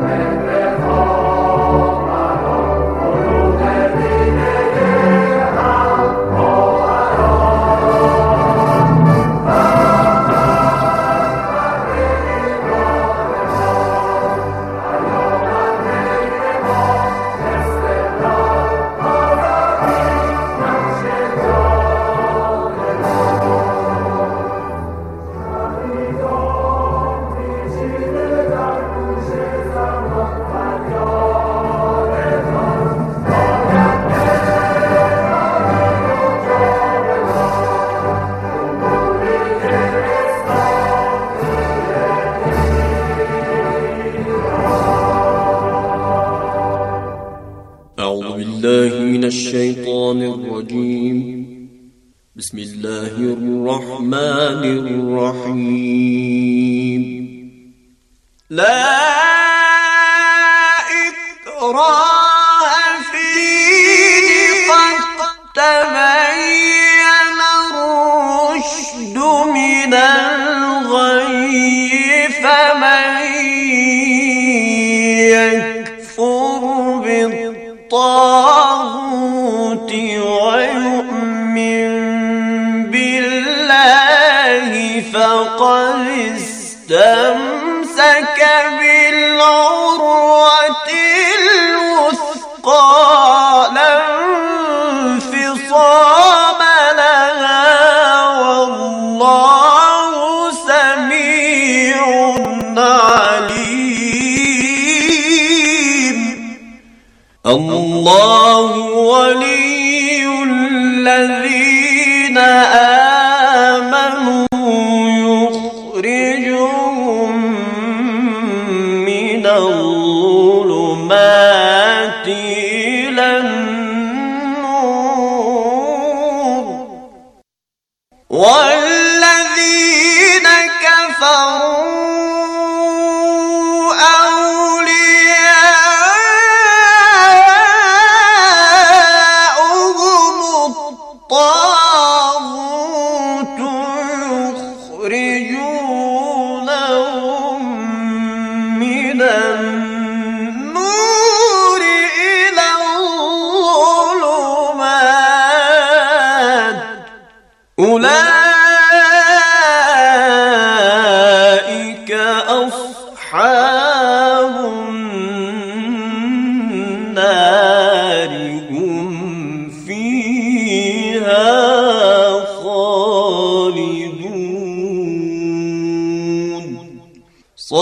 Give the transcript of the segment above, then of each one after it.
Amen.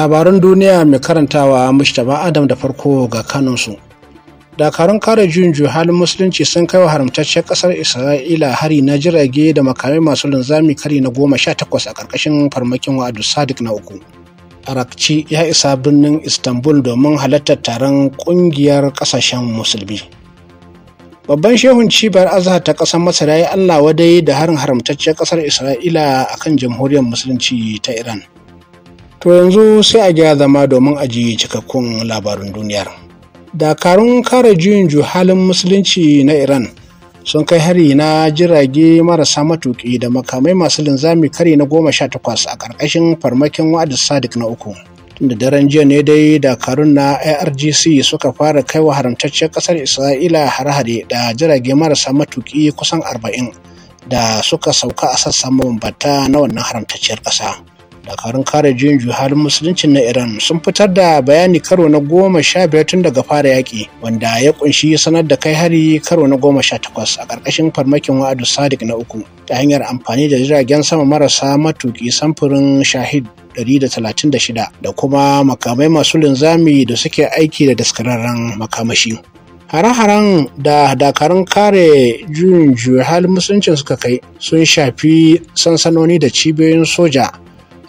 labaran duniya mai karantawa mustapha adam da farko ga kanunsu dakarun kare juyin halin musulunci sun kai wa haramtacciyar kasar isra'ila hari na jirage da makami masu linzami kari na goma sha takwas a ƙarƙashin farmakin wa'adu sadik na uku arakci ya isa birnin istanbul domin halartar taron ƙungiyar ƙasashen musulmi babban shehun cibiyar azhar ta ƙasar masar ya yi allah wadai da harin haramtacciyar ƙasar isra'ila akan jamhuriyar musulunci ta iran To yanzu sai a gyara zama domin a ji cikakkun labarin duniyar. Dakarun kare juyin juhalin musulunci na Iran sun kai hari na jirage marasa matuƙi da makamai masu linzami kari na goma sha takwas a ƙarƙashin farmakin wa'ad sadik na uku. Tunda daren jiya ne dai dakarun na IRGC suka fara kai wa haramtacciyar ƙasar Isra'ila hare-hare da jirage marasa matuƙi kusan arba'in da suka sauka a sassan mabambata na wannan haramtacciyar ƙasa. dakarun kare juyin juya halin musuluncin na iran sun fitar da bayani karo na goma sha biyar tun daga fara yaƙi wanda ya kunshi sanar da kai hari karo na goma sha takwas a ƙarƙashin farmakin wa'adu sadiq na uku ta hanyar amfani da jiragen sama marasa matuki samfurin shahid 136 da kuma makamai masu linzami da suke aiki da daskararren makamashi hare-haren da dakarun kare juyin juya halin musuluncin suka kai sun shafi sansanoni da cibiyoyin soja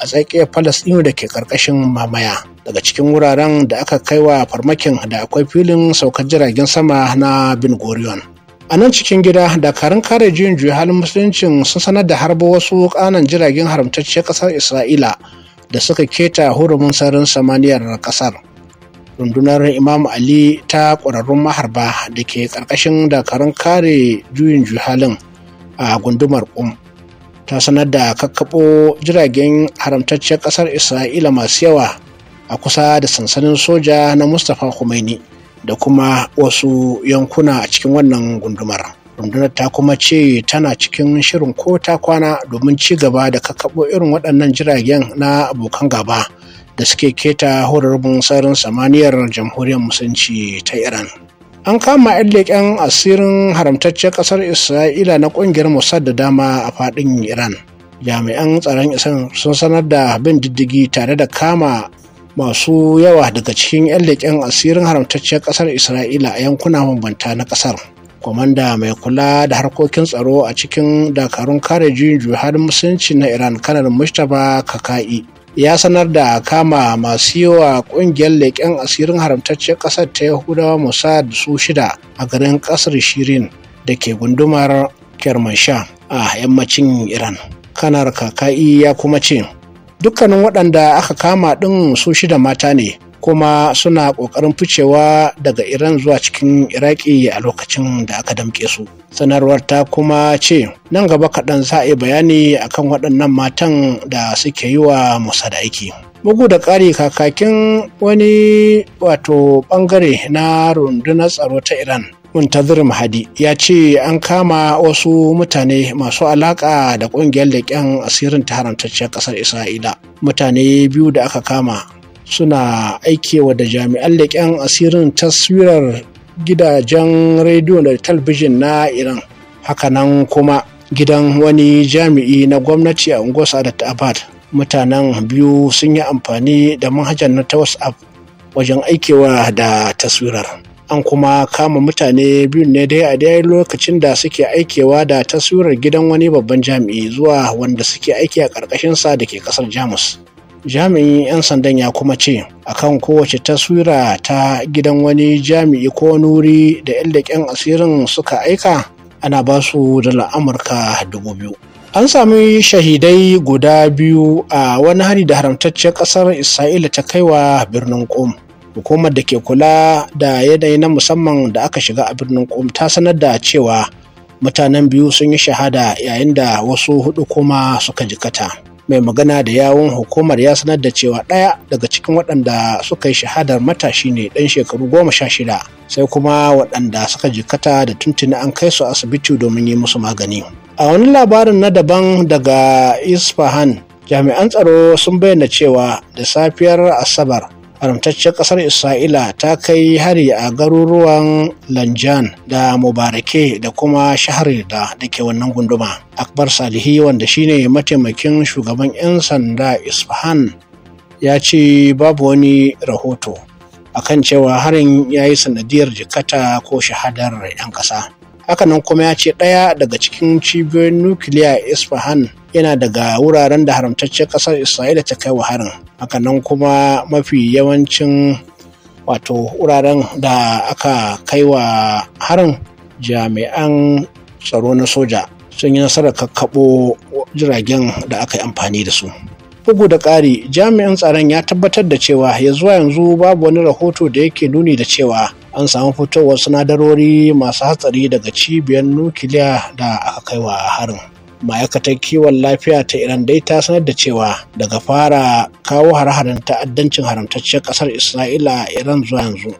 a tsakiyar Falasɗinu da ke ƙarƙashin mamaya. Daga cikin wuraren da aka kai wa farmakin da akwai filin saukar jiragen sama na Bin Gurion. A nan cikin gida, dakarun kare juyin juya halin musuluncin sun sanar da harba wasu ƙananan jiragen haramtacciyar ƙasar Isra'ila da suka keta hurumin sararin samaniyar ƙasar. Rundunar Imam Ali ta ƙwararrun maharba da ke ƙarƙashin dakarun kare juyin halin a gundumar ƙum ta sanar da kakkaɓo jiragen haramtacciyar ƙasar isra'ila masu yawa a kusa da sansanin soja na mustapha khomeini da kuma wasu yankuna a cikin wannan gundumar rundunar ta kuma ce tana cikin shirin ko ta kwana domin ci gaba da kakkaɓo irin waɗannan jiragen na abokan gaba da suke keta horarbin tsarin samaniyar jamhuriyar musulunci ta iran an kama 'yan leƙen asirin haramtaccen ƙasar isra'ila na ƙungiyar mossad da dama a faɗin iran jami'an tsaron isan sun sanar da bin diddigi tare da kama masu yawa daga cikin 'yan leƙen asirin haramtacciyar ƙasar isra'ila a yankuna mabanta na ƙasar kwamanda mai kula da harkokin tsaro a cikin dakarun kare juyin juhar musulunci na iran kanar mustapha kaka'i ya sanar da kama masu yi wa ƙungiyar leƙen asirin haramtacciyar ƙasar ta yahudawa musad su shida a garin ƙasar shirin da ke gundumar kermansha a yammacin iran kanar kaka'i ya kuma ce dukkanin waɗanda aka kama ɗin su shida mata ne kuma suna ƙoƙarin ficewa daga iran zuwa cikin iraki a lokacin da aka damƙe su sanarwar ta kuma ce nan gaba kaɗan za a yi bayani akan waɗannan matan da suke yi wa musa da aiki bugu da ƙari kakakin wani wato ɓangare na rundunar tsaro ta iran muntazir mahadi ya ce an kama wasu mutane masu alaƙa da ƙungiyar leƙen asirin ta haramtacciyar ƙasar isra'ila mutane biyu da aka kama suna aikewa da jami'an leƙen asirin taswirar gidajen rediyo da talbijin na iran hakanan kuma gidan wani jami'i na gwamnati a unguwar sadat abad mutanen biyu sun yi amfani da manhajar na ta whatsapp wajen aikewa da taswirar an kuma kama mutane biyu ne dai a daya lokacin da suke aikewa da taswirar gidan wani babban jami'i zuwa wanda suke aiki a ƙarƙashinsa da ke ƙasar jamus jami'in 'yan sandan ya kuma ce a kan kowace taswira ta gidan wani jami'i ko nuri wuri da 'yan asirin suka aika ana ba su dala amurka dubu biyu an sami shahidai guda biyu a wani hari da haramtacciyar ƙasar isra'ila ta kaiwa birnin kom hukumar da ke kula da yanayi na musamman da aka shiga a birnin kom ta sanar da cewa mutanen biyu sun yi shahada yayin da wasu hudu kuma suka jikata mai magana da yawun hukumar ya sanar da cewa ɗaya daga cikin waɗanda suka yi shahadar matashi ne ɗan shekaru goma sha shida sai kuma waɗanda suka jikata da tuntuni an kai su asibiti domin yi musu magani a wani labarin na daban daga isfahan jami'an tsaro sun bayyana cewa da safiyar asabar haramtaccen kasar isra'ila ta kai hari a garuruwan lanjan da mubarake da kuma shaharida da ke wannan gunduma akbar salihi wanda shine mataimakin shugaban 'yan sanda isfahan ya ce babu wani rahoto akan cewa harin ya yi sanadiyar jikata ko shahadar 'yan ƙasa. hakanan kuma ya ce ɗaya daga cikin cibiyoyin nukiliya isfahan yana daga wuraren da haramtaccen ƙasar isra'ila ta kai wa harin hakanan kuma mafi yawancin wato wuraren da aka kai wa harin jami'an tsaro na soja sun yi nasarar kakkaɓo jiragen da aka yi amfani da su bugu da ƙari jami'in tsaron ya tabbatar da cewa ya yanzu babu wani rahoto da yake nuni da cewa an samu fitowar sinadarori masu hatsari daga cibiyar nukiliya da aka kai wa harin ma'aikatar kiwon lafiya ta iran dai ta sanar da cewa daga fara kawo har harin ta'addancin haramtacciyar kasar isra'ila iran zuwa yanzu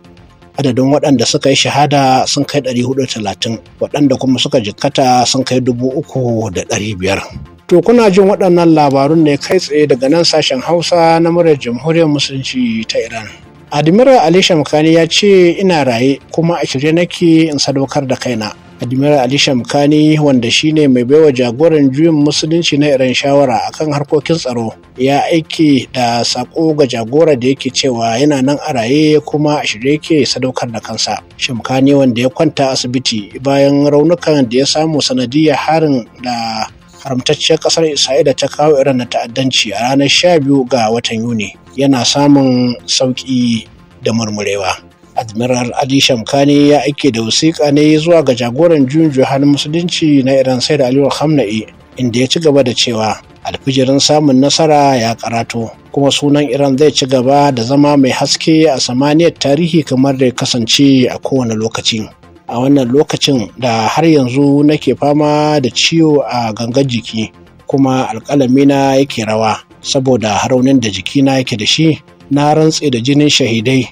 adadin waɗanda suka yi shahada sun kai 430 waɗanda kuma suka jikkata sun kai 3,500 To kuna jin waɗannan labarun ne kai tsaye daga nan sashen Hausa na murar Jamhuriyar Musulunci ta Iran. admiral alisha mukani ya ce ina raye kuma a shirye nake in sadaukar da kaina admiral alisha mukani wanda shine mai baiwa jagoran juyin musulunci na iran shawara akan harkokin tsaro ya aiki da sako ga jagora da yake cewa yana nan a raye kuma a shirye yake sadaukar da kansa shamkani wanda ya kwanta asibiti bayan raunukan da ya samu sanadiyar harin da haramtacciyar kasar isra'ila ta kawo irin na ta'addanci a ranar 12 ga watan yuni yana samun sauƙi da murmurewa admiral ali shamkani ya aike da wasiƙa ne zuwa ga jagoran juyin halin musulunci na iran sai da aliyu hamna'i inda ya ci gaba da cewa alfijirin samun nasara ya karatu. kuma sunan iran zai ci gaba da zama mai haske a samaniyar tarihi kamar da ya kasance a kowane lokaci a wannan lokacin da har yanzu nake fama da ciwo a gangan jiki kuma alƙalamina yake rawa saboda raunin da jikina yake da shi na rantse da jinin shahidai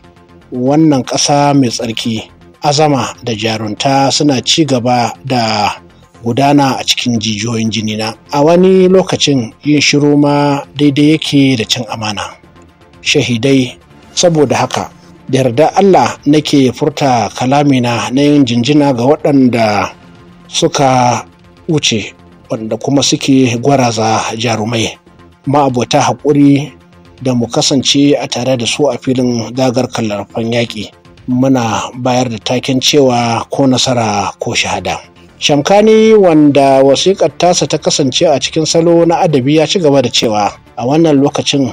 wannan ƙasa mai tsarki azama da jarunta suna ci gaba da gudana a cikin jijiyoyin jinina a wani lokacin yin shiru ma daidai yake da cin amana shahidai saboda haka da yarda Allah nake furta kalamina na yin jinjina ga waɗanda suka wuce wanda kuma suke gwaraza jarumai ma'abota haƙuri da mu kasance a tare da su a filin dagar kallarfan yaƙi muna bayar da taken cewa ko nasara ko shahada shamkani wanda wasiƙar tasa ta kasance a cikin salo na adabi ya ci gaba da cewa a wannan lokacin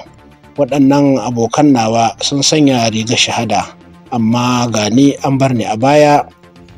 waɗannan abokan nawa sun sanya riga shahada amma gani an bar ni a baya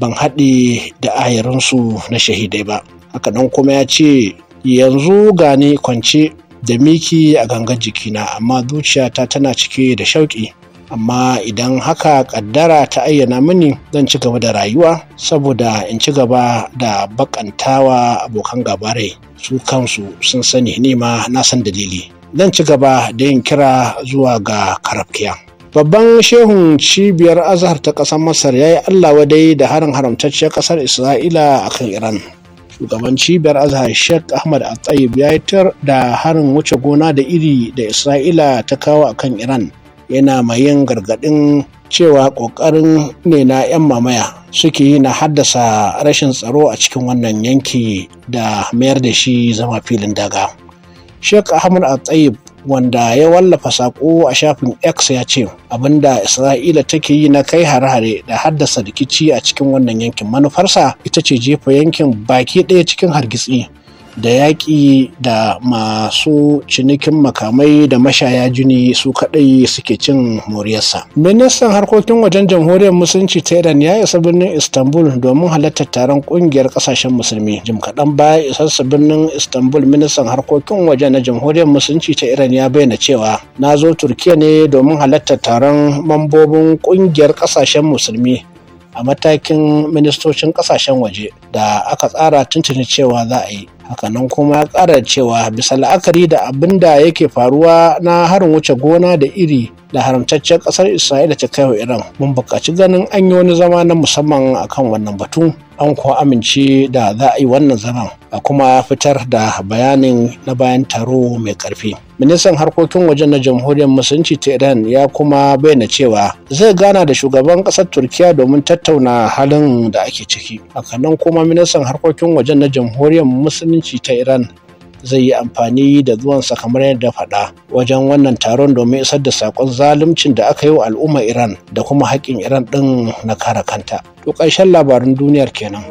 ban haɗe da ayarinsu na shahidai ba haka nan kuma ya ce yanzu gani kwance da miki a gangan jikina amma zuciyata tana cike da shauƙi amma idan haka ƙaddara ta ayyana mini zan ci gaba da rayuwa saboda in ci gaba da bakantawa abokan gabarai su kansu sun sani nema na san dalili zan ci gaba da yin kira zuwa ga karafkiya. Babban shehun cibiyar azhar ta ƙasar Masar ya yi Allah wadai da harin haramtacciyar ƙasar Isra'ila a kan Iran. Shugaban cibiyar azhar Sheikh Ahmad Atayib ya yi da harin wuce gona da iri da Isra'ila ta kawo a kan Iran. Yana mai yin gargaɗin cewa ƙoƙarin ne na 'yan mamaya suke yi na haddasa rashin tsaro a cikin wannan yanki da mayar da shi zama filin daga. Sheikh Ahmad al wanda ya wallafa sako a shafin X ya ce abinda Isra'ila take yi na kai hare-hare da haddasa rikici a cikin wannan yankin manufarsa ita ce jefa yankin baki ɗaya cikin hargitsi da yaƙi da masu cinikin makamai da mashaya jini su kaɗai suke cin moriyarsa. Ministan harkokin wajen jamhuriyar musulunci ta Iran ya isa birnin Istanbul domin halartar taron ƙungiyar ƙasashen musulmi. Jim kaɗan baya isarsa birnin Istanbul ministan harkokin Wajen na jamhuriyar musulunci ta Iran ya bayyana cewa na zo Turkiya ne domin halartar taron mambobin ƙungiyar ƙasashen musulmi a matakin ministocin ƙasashen waje. da aka tsara tuntuni cewa za a yi hakanan kuma ya ƙara cewa bisa la'akari da abin da yake faruwa na harin wuce gona da iri da haramtaccen ƙasar isra'ila ta kai wa iran mun buƙaci ganin an yi wani zama na musamman akan wannan batu an kuwa amince da za a yi wannan zaman a kuma fitar da bayanin na bayan taro mai ƙarfi ministan harkokin wajen na jamhuriyar musulunci ta iran ya kuma bayyana cewa zai gana da shugaban ƙasar turkiya domin tattauna halin da ake ciki hakanan kuma kuma ministan harkokin wajen na jamhuriyar musulunci ta iran zai yi amfani da zuwansa kamar yadda faɗa wajen wannan taron domin isar da sakon zaluncin da aka yi wa al'ummar iran da kuma haƙƙin iran ɗin na kare kanta to ƙarshen labarin duniyar kenan.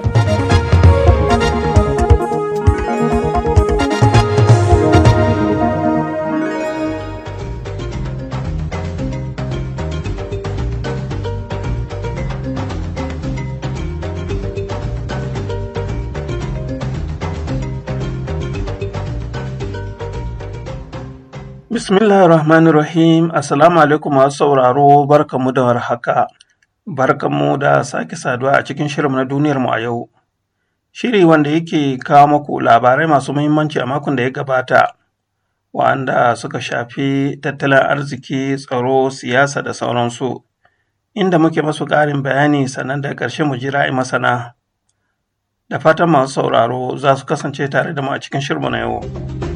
rahim Assalamu alaikum masu sauraro barkamu da warhaka. Barkamu da sake saduwa a cikin shirin na duniyar mu a yau. Shiri wanda yake kawo maku labarai masu muhimmanci a makon da ya gabata, wanda suka shafi tattalin arziki, tsaro, siyasa da sauransu, inda muke masu ƙarin bayani sannan da ƙarshe mu jira masana. Da fatan masu sauraro za su kasance tare da mu a cikin shirin na yau.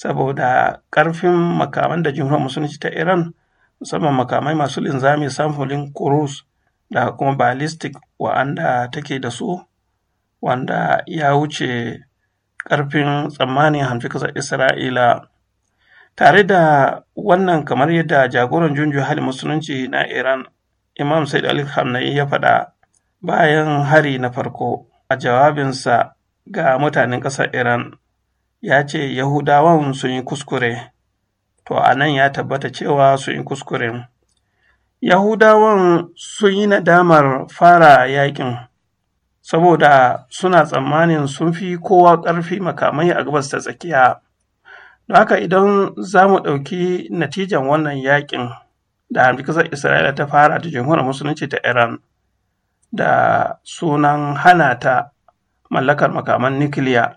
saboda karfin makaman da jumhuriyar musulunci ta iran musamman makamai masu linzami samfulin kurus da kuma ballistic wa'anda take da su wanda ya wuce ƙarfin tsammanin hanfi ƙasar isra'ila tare da wannan kamar yadda jagoran junju hali musulunci na iran imam said ali hamnai ya faɗa bayan hari na farko a jawabinsa ga mutanen ƙasar iran ya ce Yahudawan sun yi kuskure, to a nan ya tabbata cewa sun yi kuskure. Yahudawan sun yi nadamar fara yaƙin, saboda suna tsammanin sun fi kowa ƙarfi makamai a gabas ta tsakiya. Da haka idan za mu ɗauki natijan wannan yaƙin da hamdukasar Isra'ila ta fara da jamhuriyar musulunci ta Iran da sunan hana ta mallakar makaman nukiliya.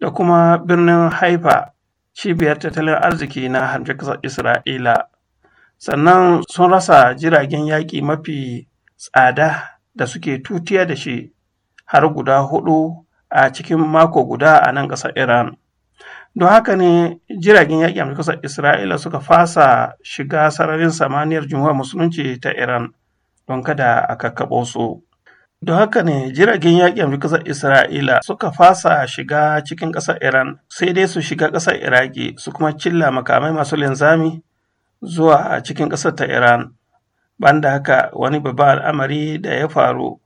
da kuma birnin Haifa cibiyar tattalin arziki na hamshe Isra'ila, sannan sun rasa jiragen yaƙi mafi tsada da suke tutiya da shi har guda hudu a cikin mako guda a nan ƙasar Iran. Don haka ne jiragen yaƙi a ƙasar Isra'ila suka fasa shiga sararin samaniyar jumhuriyar musulunci ta Iran don kada a kakkaɓo su. Don haka ne jiragen yakin ƙasar Isra'ila suka fasa shiga cikin ƙasar Iran sai dai su shiga ƙasar Iraki su kuma cilla makamai masu linzami zuwa cikin ƙasar ta Iran. Banda haka wani babban al'amari da ya faru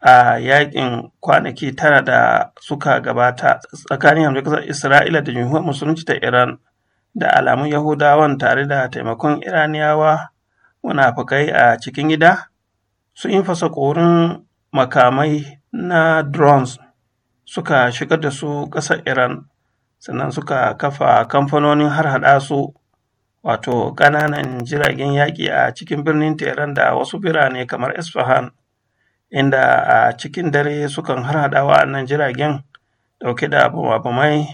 a yaƙin kwanaki tara da suka gabata tsakanin hamdu ƙasar Isra'ila da jami'ar musulunci ta Iran da alamun Yahudawan tare da taimakon Iraniyawa munafukai a cikin gida sun yi fasa korin makamai na drones suka shigar da su ƙasar Iran sannan suka kafa kamfanonin harhaɗa su wato ƙananan jiragen yaƙi a cikin birnin Tehran da wasu birane kamar Isfahan inda a cikin dare sukan harhaɗa wa'annan jiragen ɗauke da bababamai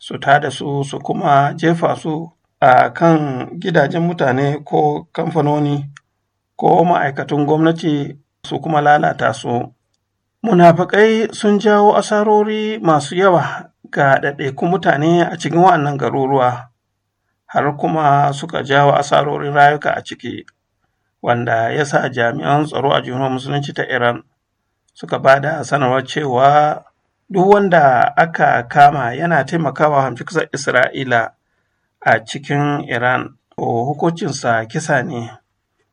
su tada su su kuma jefa su a kan gidajen mutane ko kamfanoni ko ma'aikatan gwamnati su kuma lalata su. Munafakai sun jawo asarori masu yawa ga ɗaiɗaikun mutane a cikin wannan garuruwa, har kuma suka jawo asarorin rayuka a ciki, wanda ya sa jami'an tsaro a juna musulunci ta Iran suka ba da sanarwar cewa duk wanda aka kama yana taimakawa hamfikisar Isra'ila a cikin Iran, hukuncinsa kisa ne.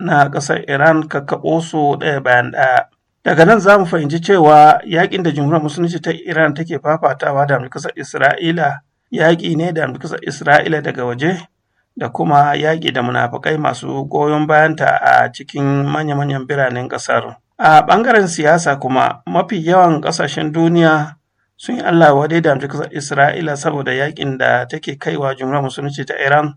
na ƙasar Iran kakkaɓo su ɗaya bayan ɗaya. Daga nan za mu fahimci cewa yaƙin da jumhuriyar musulunci ta Iran take fafatawa da ƙasar Isra'ila yaƙi ne da ƙasar Isra'ila daga waje da kuma yaƙi da munafukai masu goyon bayanta a cikin manya-manyan biranen ƙasar. A ɓangaren siyasa kuma mafi yawan ƙasashen duniya sun yi Allah wadai da ƙasar Isra'ila saboda yaƙin da take kaiwa jumhuriyar musulunci ta Iran.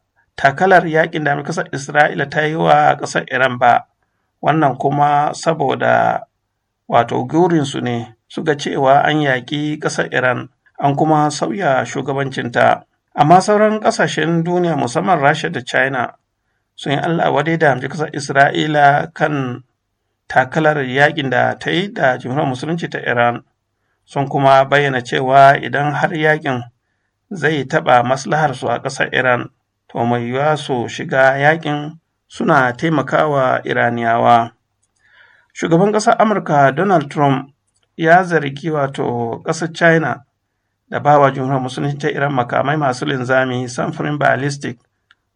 takalar yakin da kasar isra'ila ta yi wa kasar iran ba wannan kuma saboda wato gurinsu ne suka cewa an yaƙi ƙasar iran an kuma sauya shugabancinta amma sauran ƙasashen duniya musamman rasha da china sun yi allah wadai da hamji kasar isra'ila kan takalar yakin da ta yi da jimhuriyar musulunci ta iran sun kuma bayyana cewa idan har yakin zai taɓa maslaharsu a ƙasar iran to mai yiwuwa su shiga yakin suna taimakawa iraniyawa shugaban ƙasar amurka donald trump ya zargi wato ƙasar china da bawa jumhuriyar musulunci ta iran makamai masu linzami samfurin ballistic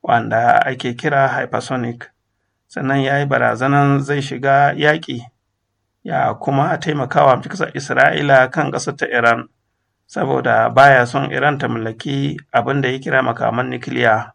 wanda ake kira hypersonic sannan ya yi barazanan zai shiga yaƙi ya kuma taimakawa ƙasar isra'ila kan ƙasar ta iran saboda baya son iran ta mallaki abin da ya kira makaman nukiliya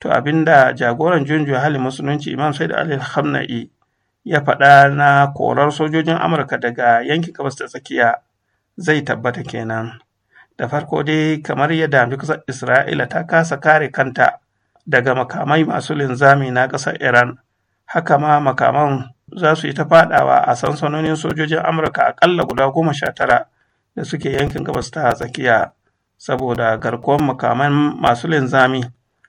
to abinda jagoran junjo hali musulunci imam said ali hamna'i ya faɗa na korar sojojin amurka daga yankin gabas da tsakiya zai tabbata kenan da farko dai kamar yadda ƙasar isra'ila ta kasa kare kanta daga makamai masu linzami na ƙasar iran haka ma makaman za su yi ta faɗawa a sansanonin sojojin amurka aƙalla guda goma sha tara da suke yankin gabas ta tsakiya saboda garkuwar makaman masu linzami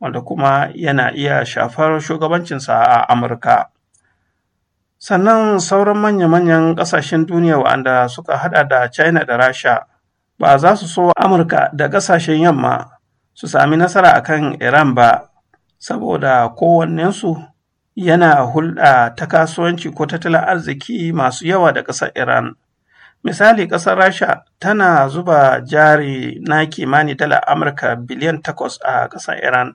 wanda kuma yana iya shafar shugabancinsa a Amurka. Sannan sauran manya-manyan ƙasashen duniya wa'anda suka hada da China da Rasha ba za su so Amurka da ƙasashen yamma su sami nasara akan Iran ba, saboda kowannensu yana hulɗa ta kasuwanci ko tattalin arziki masu yawa da ƙasar Iran. Misali ƙasar Rasha tana zuba jari na kimani dala Amurka biliyan takwas a ƙasar Iran.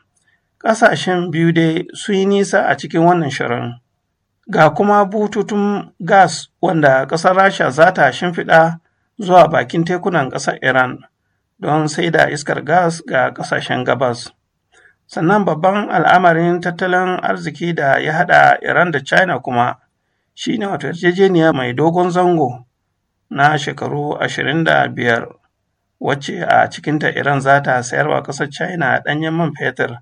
ƙasashen biyu dai sun yi nisa a cikin wannan shirin. Ga kuma bututun gas wanda ƙasar Rasha za ta shimfiɗa zuwa bakin tekunan ƙasar Iran don sai da iskar gas ga ƙasashen gabas. Sannan babban al'amarin tattalin arziki da ya haɗa Iran da China kuma shi ne wato yarjejeniya mai dogon zango na shekaru ashirin da biyar wacce a cikinta Iran za ta sayarwa ƙasar China ɗanyen man fetur.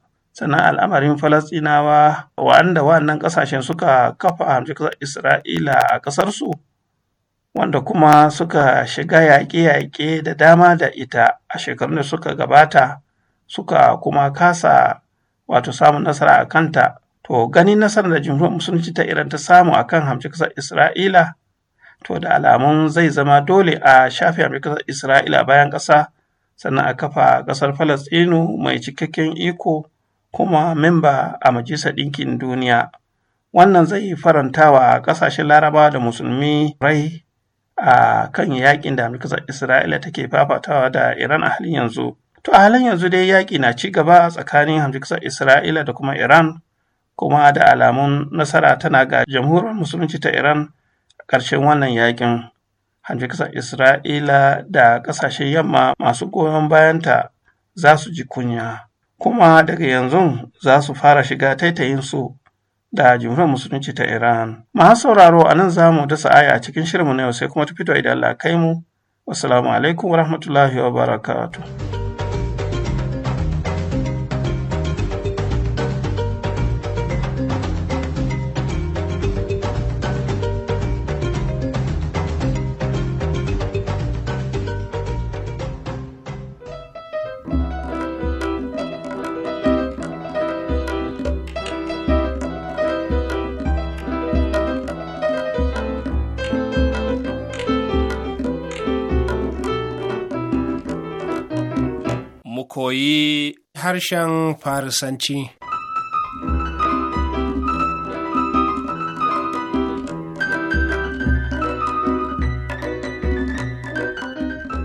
sannan al'amarin falastinawa wanda wannan ƙasashen suka kafa hamshi isra'ila a ƙasarsu wanda kuma suka shiga yaƙe-yaƙe da dama da ita a shekarun da suka gabata suka kuma kasa wato samun nasara a kanta to ganin nasarar da jumhuriyar musulunci ta iran ta samu a kan hamshi ƙasar isra'ila to da alamun zai zama dole a shafe hamshi ƙasar isra'ila bayan ƙasa sannan a kafa ƙasar falastinu mai cikakken iko kuma memba a Majalisar Ɗinkin Duniya. Wannan zai faranta wa ƙasashen Larabawa da Musulmi rai a kan yaƙin da Amurkar Isra'ila take fafatawa da Iran a halin yanzu. To a halin yanzu dai yaƙi na ci gaba a tsakanin Amurkar Isra'ila da kuma Iran, kuma da alamun nasara tana ga jamhuriyar Musulunci ta Iran a ƙarshen wannan yaƙin. Amurkar Isra'ila da ƙasashen yamma masu goyon bayanta za su ji kunya. kuma daga yanzu za su fara shiga taitayinsu da jumhuriyar musulunci ta Iran. Masu sauraro a nan za mu dasa aya a cikin shirinmu na yau sai kuma ta idan Allah kai mu. Wassalamu alaikum warahmatullahi wabarakatuh. harshen Farisanci.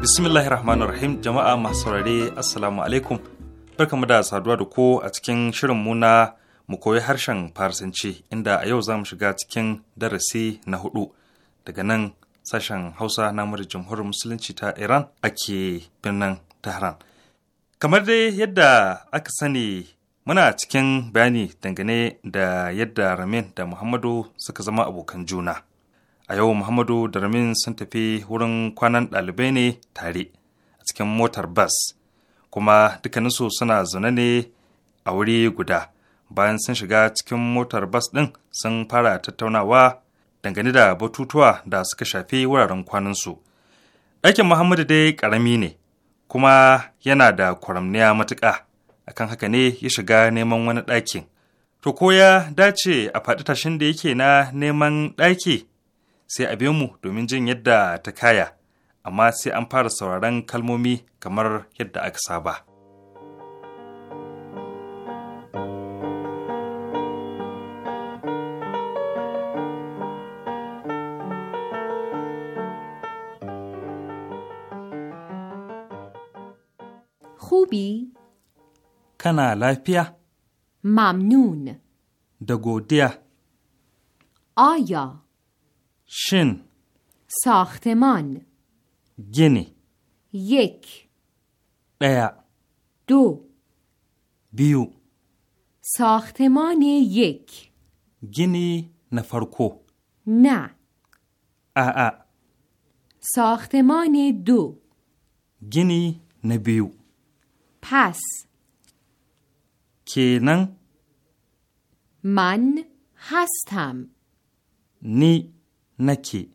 Bismillahir jama'a masu saurare Assalamu alaikum barkamu da saduwa da ko a cikin shirin mu na mu koyi harshen Farisanci inda a yau za mu shiga cikin darasi na hudu daga nan sashen Hausa na jamhuriyar Musulunci ta Iran ake birnin Tehran. Kamar dai yadda aka sani muna cikin bayani dangane da yadda Ramin da Muhammadu suka zama abokan juna. A yau Muhammadu da Ramin sun tafi wurin kwanan ɗalibai ne tare a cikin motar bas, kuma dukkaninsu suna zaune ne a wuri guda. Bayan sun shiga cikin motar bas ɗin sun fara tattaunawa dangane da batutuwa da suka shafi wuraren kwanansu. Ɗakin Muhammadu dai ƙarami ne. kuma yana da kwaramniya matuƙa akan haka ne ya shiga neman wani ɗakin to ko ya dace a faɗi tashin da yake na neman ɗaki sai a mu domin jin yadda ta kaya amma sai an fara sauraron kalmomi kamar yadda aka saba. خوبی؟ کنا لایپیا ممنون دگودیا آیا شن ساختمان گینی یک بیا دو بیو ساختمان یک گینی نفرکو نه آآ ساختمان دو گینی نبیو پس کینن من هستم نی نکی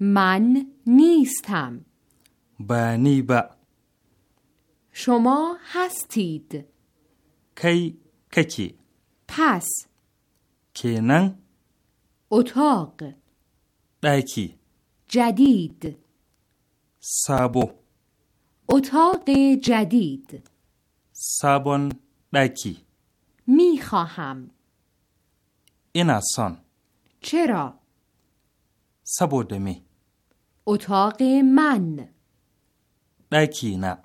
من نیستم بانی با شما هستید کی ککی پس کنن اتاق داکی جدید سابو اتاق جدید سابون دکی می خواهم این آسان چرا؟ سبودمی اتاق من دکی نه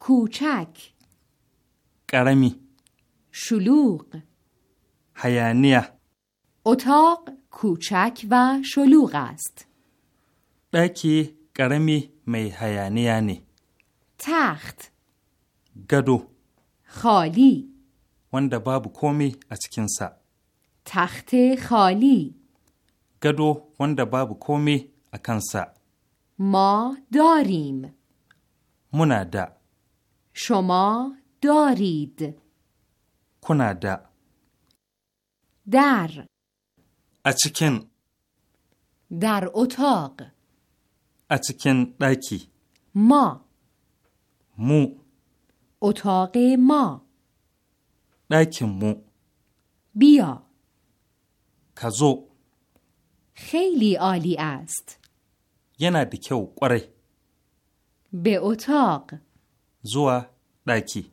کوچک قرمی شلوغ حیانیه اتاق کوچک و شلوغ است دکی قرمی می حیانیه تخت گدو خالی وند بابو کومی ا تخت خالی گدو وند بابو کومی اکنسا ما داریم مونا شما دارید کونا در ا در اتاق ا چیکن ما مو اتاق ما داکین مو بیا کزو خیلی عالی است یه ندیکه کیو قره به اتاق زوا داکی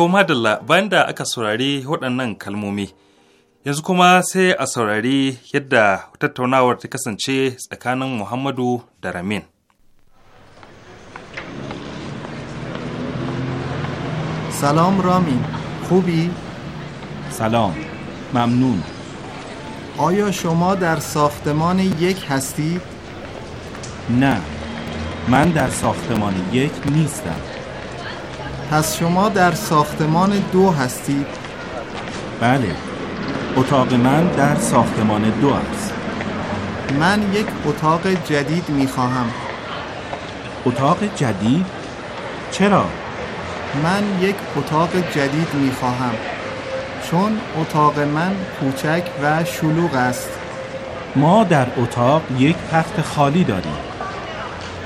To madalla bayan da aka saurari waɗannan kalmomi, yanzu kuma sai a saurari yadda tattaunawar ta kasance tsakanin Muhammadu da Ramin. سلام رامین خوبی؟ سلام ممنون آیا شما در ساختمان یک هستید؟ نه من در ساختمان یک نیستم پس شما در ساختمان دو هستید؟ بله اتاق من در ساختمان دو است من یک اتاق جدید می خواهم اتاق جدید؟ چرا؟ من یک اتاق جدید می خواهم چون اتاق من کوچک و شلوغ است ما در اتاق یک تخت خالی داریم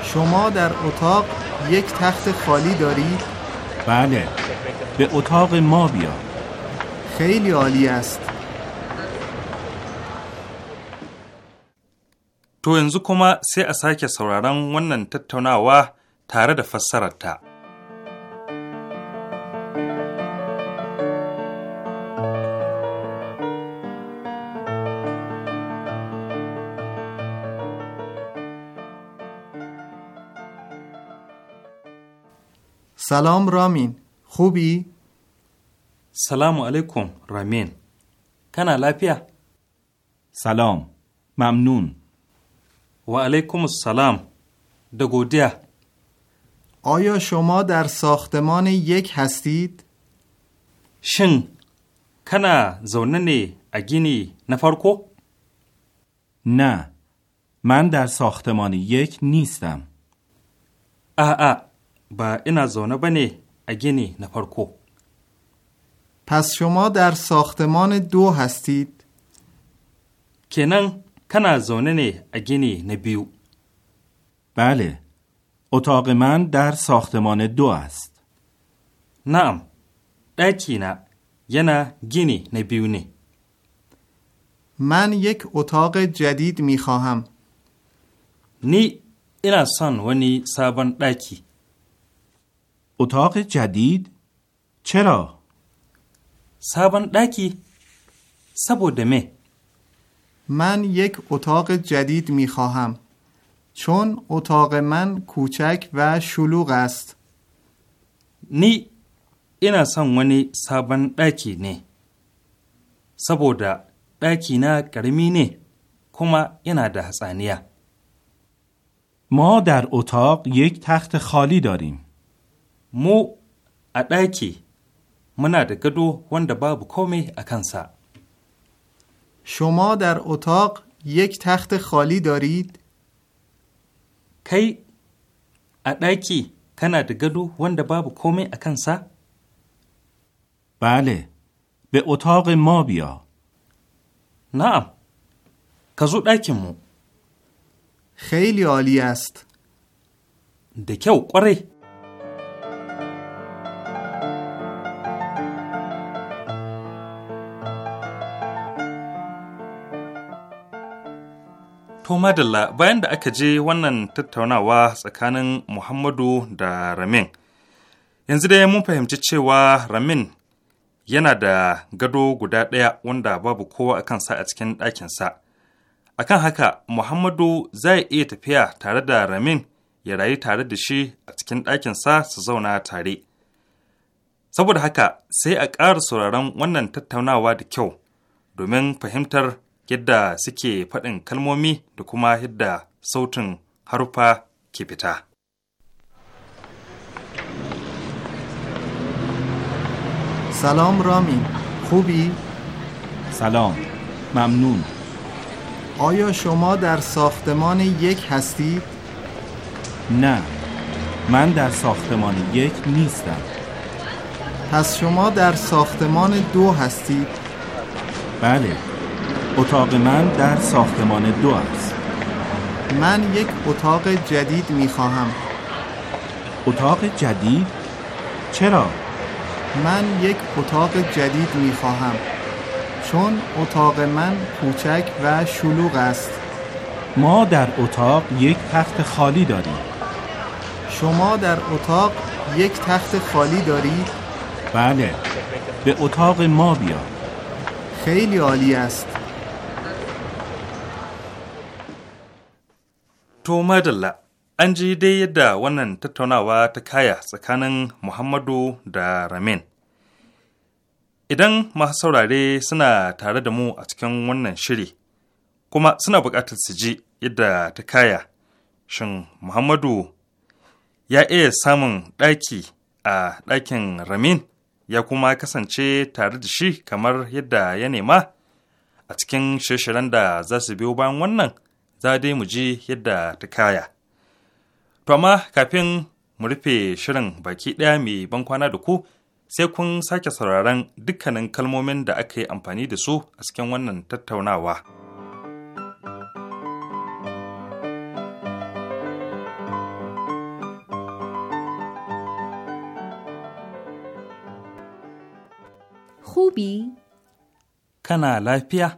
شما در اتاق یک تخت خالی دارید؟ بله به اتاق ما بیا خیلی عالی است To yanzu kuma sai a sake sauraron wannan tattaunawa tare da fassararta. سلام رامین خوبی؟ سلام علیکم رامین کنا لپیا؟ سلام ممنون و علیکم السلام دگودیا آیا شما در ساختمان یک هستید؟ شن کنا زوننی اگینی نفرکو؟ نه من در ساختمان یک نیستم. آه آ با اینا زونه بنی اگینی نفرکو پس شما در ساختمان دو هستید؟ کنن کنا زونه نی اگینی نبیو بله اتاق من در ساختمان دو است نعم دکی نه ینا گینی نبیونی من یک اتاق جدید می نی اینا سان ونی سابن دکی اتاق جدید چرا؟ سابان داکی سبودمه من یک اتاق جدید می خواهم چون اتاق من کوچک و شلوغ است نی اینا سان ونی سابان داکی نه سبوده داکی نه کرمی نه کما اینا ده ما در اتاق یک تخت خالی داریم مو اداکی منا ده گدو وند باب کومی اکنسا شما در اتاق یک تخت خالی دارید؟ کی اداکی کنا ده گدو وند باب کومی اکنسا؟ بله به اتاق ما بیا نعم ka zo ɗakinmu. خیلی Ali است. Da kyau ƙwarai. To madalla bayan da aka je wannan tattaunawa tsakanin Muhammadu da Ramin. Yanzu dai mun fahimci cewa Ramin yana da gado guda ɗaya wanda babu kowa a kansa a cikin ɗakinsa. a kan haka Muhammadu zai iya tafiya tare da Ramin ya rayu tare da shi a cikin ɗakinsa su zauna tare. Saboda haka sai a ƙara sauraron wannan tattaunawa da kyau domin fahimtar یده سکه پدن کلمومی ده کما یده صوتن حروفا که سلام رامین خوبی؟ سلام ممنون آیا شما در ساختمان یک هستید؟ نه من در ساختمان یک نیستم پس شما در ساختمان دو هستید؟ بله اتاق من در ساختمان دو است من یک اتاق جدید می خواهم اتاق جدید؟ چرا؟ من یک اتاق جدید می خواهم چون اتاق من کوچک و شلوغ است ما در اتاق یک تخت خالی داریم شما در اتاق یک تخت خالی دارید؟ بله به اتاق ما بیا خیلی عالی است To madalla, an ji dai yadda wannan tattaunawa ta kaya tsakanin Muhammadu da Ramin. Idan masu saurare suna tare da mu a cikin wannan shiri, kuma suna buƙatar su ji yadda ta kaya, shin Muhammadu ya iya samun ɗaki a ɗakin Ramin ya kuma kasance tare da shi kamar yadda ya nema a cikin shirye-shiryen da za su biyo bayan wannan? za dai mu ji yadda ta kaya. To amma kafin mu rufe shirin baki ɗaya mai ban kwana da ku sai kun sake sauraron dukkanin kalmomin da aka yi amfani da su a cikin wannan tattaunawa. hubi. kana lafiya?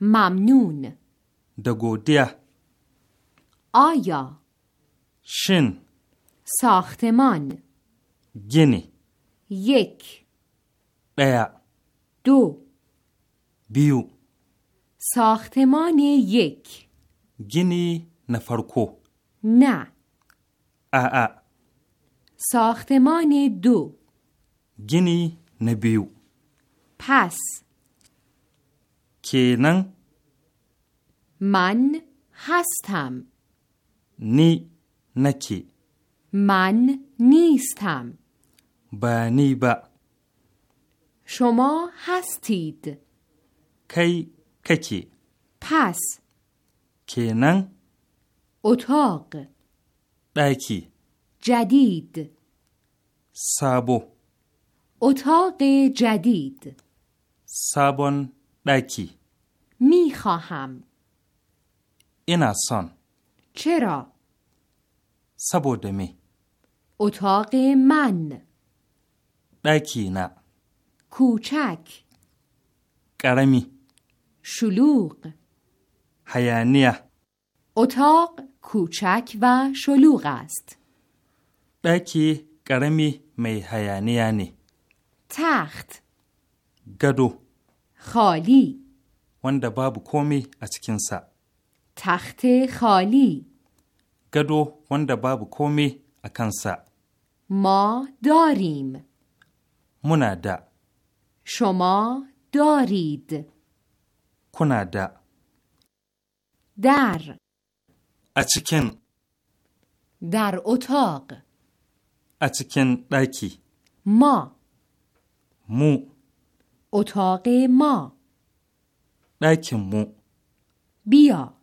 Mamnun. da آیا شن ساختمان گینی یک بیا دو بیو ساختمان یک گینی نفرکو نه آآ ساختمان دو گینی نبیو پس کینن من هستم نی نکی من نیستم نی با شما هستید کی ککی پس کنن اتاق داکی جدید سابو اتاق جدید سابون داکی میخواهم این سان چرا؟ سبودمی اتاق من دکی نه کوچک قرمی شلوغ حیانیه اتاق کوچک و شلوغ است دکی قرمی می حیانیه نی تخت گدو خالی وند باب کومی از تخت خالی گدو وند باب کومی اکنسا ما داریم منادا شما دارید کنادا در اچکن در اتاق اچکن داکی ما مو اتاق ما داکی مو بیا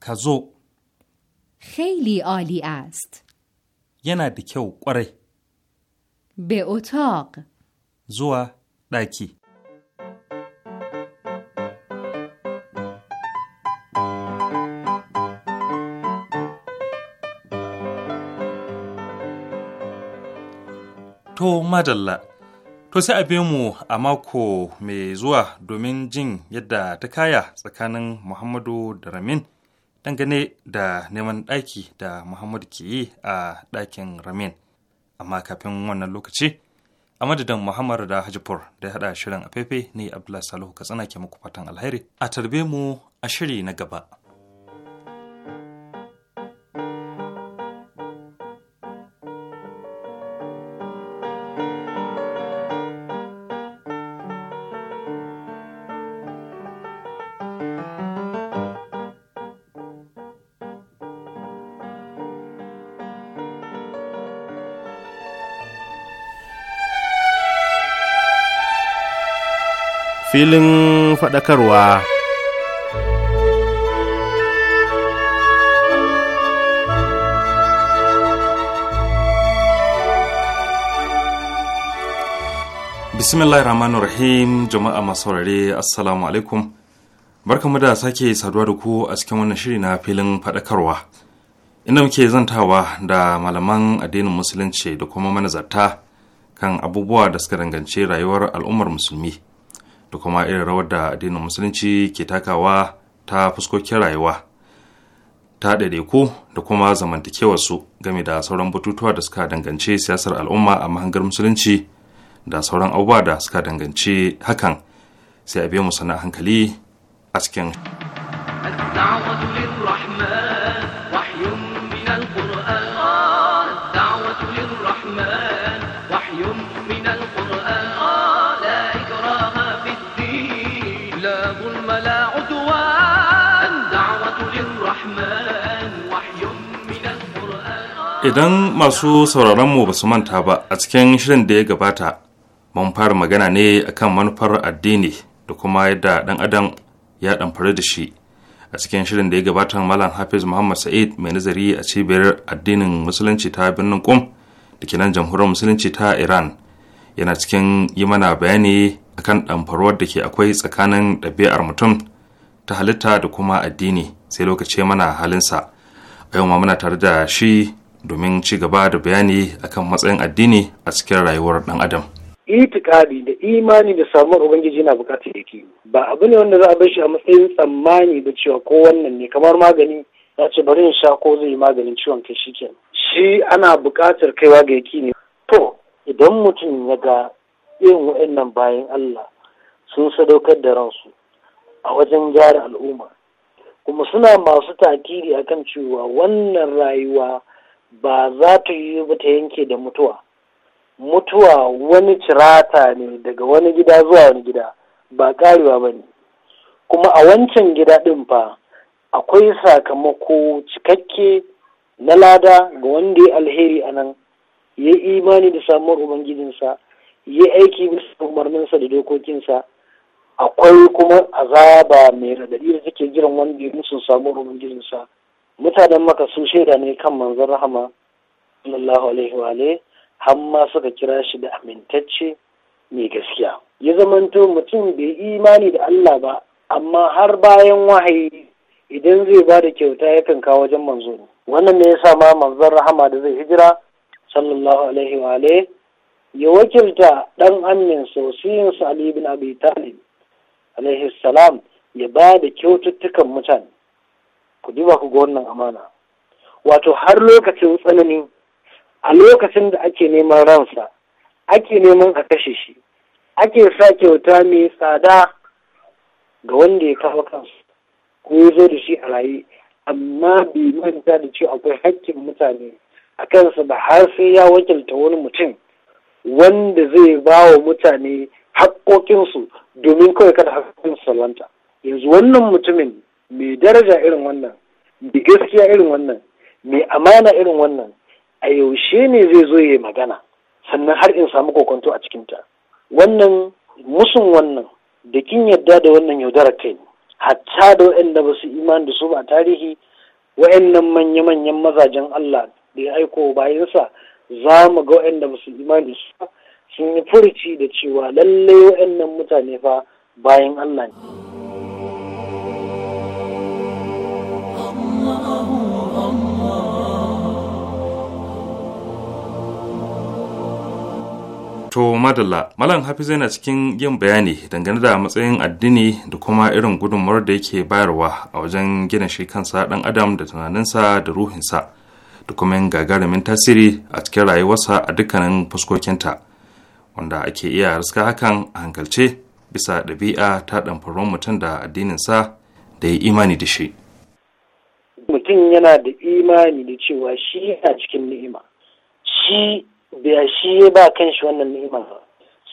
kazo. خیلی عالی است yana da kyau kwarai. be otaq zuwa daki. to madalla to sai a mu a mako mai zuwa domin jin yadda ta kaya tsakanin muhammadu da ramin dangane da neman ɗaki da Muhammadu ke yi a ɗakin Ramin. Amma kafin wannan lokaci, a madadin Muhammadu da Hajifur da ya haɗa shirin a ne Abdullahi Salihu Katsina ke muku fatan alheri. A tarbe mu a shiri na gaba. filin faɗakarwa. bismillahir rahmanir rahim jama'a masu saurare assalamu alaikum barkamu da sake saduwa da ku a cikin wannan shiri na filin faɗakarwa inda muke zantawa da malaman addinin musulunci da kuma manazarta kan abubuwa da suka danganci rayuwar al'ummar musulmi da kuma irin rawar da addinin musulunci ke takawa ta fuskokin rayuwa ta ɗaiɗaiku da kuma zamantakewarsu game da sauran batutuwa da suka danganci siyasar al'umma a mahangar musulunci da sauran abubuwa da suka danganci hakan sai a biya mu hankali a cikin. idan masu sauraronmu ba su manta ba a cikin shirin da ya gabata mun fara magana ne akan manufar addini da kuma yadda dan adam ya ɗamfari da shi a cikin shirin da ya gabata malam hafiz muhammad sa'id mai nazari a cibiyar addinin musulunci ta birnin kum da ke nan jamhuriyar musulunci ta iran yana cikin yi mana bayani akan ɗamfarwar da ke akwai tsakanin ɗabi'ar mutum ta halitta da kuma addini sai lokaci mana halinsa a yau ma muna tare da shi domin ci gaba da bayani akan matsayin addini a cikin rayuwar ɗan adam. itikadi da imani da samuwar ubangiji yana bukatar yake ba abu ne wanda za a bar shi a matsayin tsammani da cewa ko wannan ne kamar magani ya ce bari in sha ko zai yi maganin ciwon kai shi shi ana bukatar kaiwa ga yaki ne to idan mutum ya ga irin wa'annan bayan Allah sun sadaukar da ransu a wajen gyara al'umma kuma suna masu takiri akan cewa wannan rayuwa ba za ta yi ba ta yanke da mutuwa mutuwa wani cirata ne daga wani gida zuwa wani gida ba karewa ba ne kuma a wancan gida ɗin fa akwai sakamako cikakke na lada ga wanda ya alheri a nan ya imani da samuwar ubangijinsa ya aiki bisa umarninsa da dokokinsa akwai kuma azaba mai radadi da take jiran wanda ya musu samuwar ubangijinsa mutanen maka su shaida ne kan manzon rahama sallallahu alaihi wa hamma suka kira shi da amintacce mai gaskiya ya zamanto mutum bai yi imani da Allah ba amma har bayan wahayi idan zai ba da kyauta yakan kawo wajen manzo wannan ne yasa ma manzon rahama da zai hijira sallallahu alaihi wa ya wakilta dan amin sosiyin Ali bin Abi Talib alaihi salam ya ba da kyaututtukan mutane ku duba ku ga wannan amana wato har lokacin tsanani a lokacin da ake neman ransa ake neman a kashe shi ake sa kyauta mai tsada ga wanda ya kawo kansu ko ya zo da shi a raye amma bai manta da cewa akwai hakkin mutane a kansa ba har sai ya wakilta wani mutum wanda zai ba wa mutane haƙƙoƙinsu domin kawai kada haƙƙoƙinsu salanta yanzu wannan mutumin mai daraja irin wannan mai gaskiya irin wannan mai amana irin wannan a yaushe ne zai zo ya yi magana sannan har in samu kokonto a cikinta wannan musun wannan da kin yadda da wannan yaudarar kai ne hatta da waɗanda ba su iman da su ba a tarihi waɗannan manya-manyan mazajen Allah da ya aiko bayansa za mu ga waɗanda ba su imani da su ba sun yi furci da cewa lallai waɗannan mutane fa bayan Allah ne. To madalla, Malam zai yana cikin yin bayani dangane da matsayin addini da kuma irin gudunmuwar da yake bayarwa a wajen gina shi kansa ɗan adam da tunaninsa da ruhinsa da kuma yin gagarumin tasiri a cikin rayuwarsa a dukkanin fuskokinta wanda ake iya riska hakan a hankalce bisa ɗabi'a ta ɗamfaron mutum da addininsa da ya imani da shi. Mutum yana da imani da cewa shi yana cikin ni'ima. Shi biya shi ya ba kan shi wannan ni'ima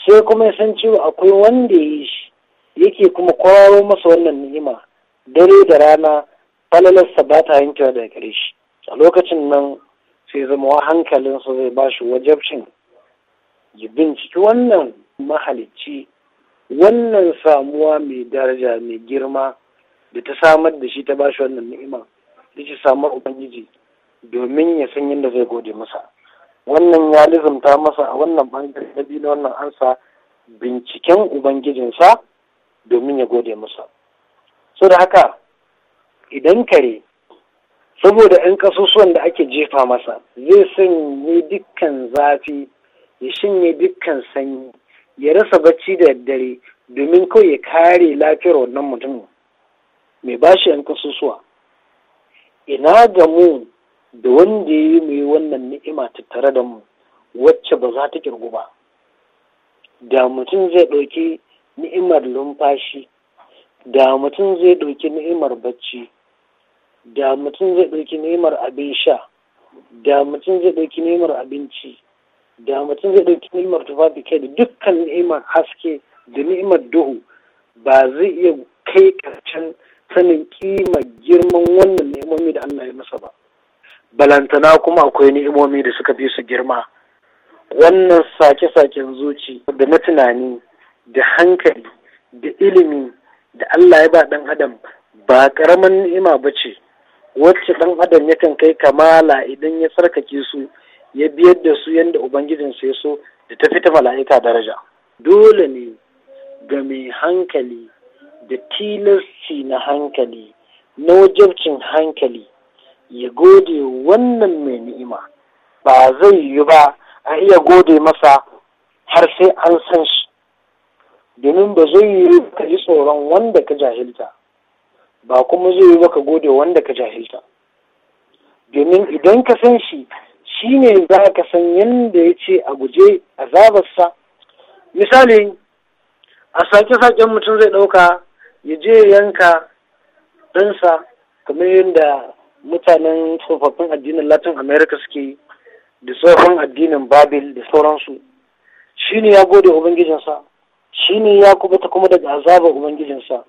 sai kuma ya san cewa akwai wanda ya yi shi yake kuma kwararo masa wannan ni'ima dare da rana falalarsa ba ta yankewa daga gare shi a lokacin nan sai zama wa hankalinsa zai ba shi wajabcin ya binciki wannan mahalicci wannan samuwa mai daraja mai girma da ta samar da shi ta ba shi wannan ni'ima da shi samar ubangiji domin ya san yadda zai gode masa wannan ya lizumta masa a wannan bangare na biyu na wannan ansa binciken ubangijinsa domin ya gode masa so da haka idan kare saboda 'yan ƙasusuwan da ake jefa masa zai sanye dukkan zafi ya shanye dukkan sanyi ya rasa bacci da daddare domin kawai ya kare lafiyar wannan mutum mai bashi 'yan ƙasusuwa ina ga mu da wanda ya yi muyi wannan ni'ima tattare da mu wacce ba za ta kirgu ba da mutum zai ɗauki ni'imar lumfashi da mutum zai ɗauki ni'imar bacci da mutum zai ɗauki ni'imar abin sha da mutum zai ɗauki ni'imar abinci da mutum zai ɗauki ni'imar tufafi kai da dukkan ni'imar haske da ni'imar duhu ba zai iya kai ƙarshen sanin kima girman wannan ni'imomi da Allah ya masa ba balantana kuma akwai ni'imomi da suka fi su girma wannan sake-saken zuci da na tunani da hankali da ilimi da Allah ya ba ɗan adam ba ƙaramin ni'ima ba ce wacce ɗan adam yakan kai kamala idan ya tsarkake su ya biyar da su yadda ubangijinsu ya so da ta fita mala'ika daraja dole ne ga mai hankali da tilasti na hankali na wajabcin hankali ya gode wannan mai ni'ima ba zai yi ba a iya gode masa har sai an san shi domin ba zai yi ka yi tsoron wanda ka jahilta ba kuma zai yi ba ka gode wanda ka jahilta domin idan ka san shi shi ne za ka san yadda ya ce a guje a azabarsa misali a sake-saken mutum zai ɗauka ya je yanka ɗansa kamar yadda mutanen tsofaffin addinin latin america suke da tsofaffin addinin babil da sauransu shine ya gode ubangijinsa shine ya kubuta kuma daga azabar ubangijinsa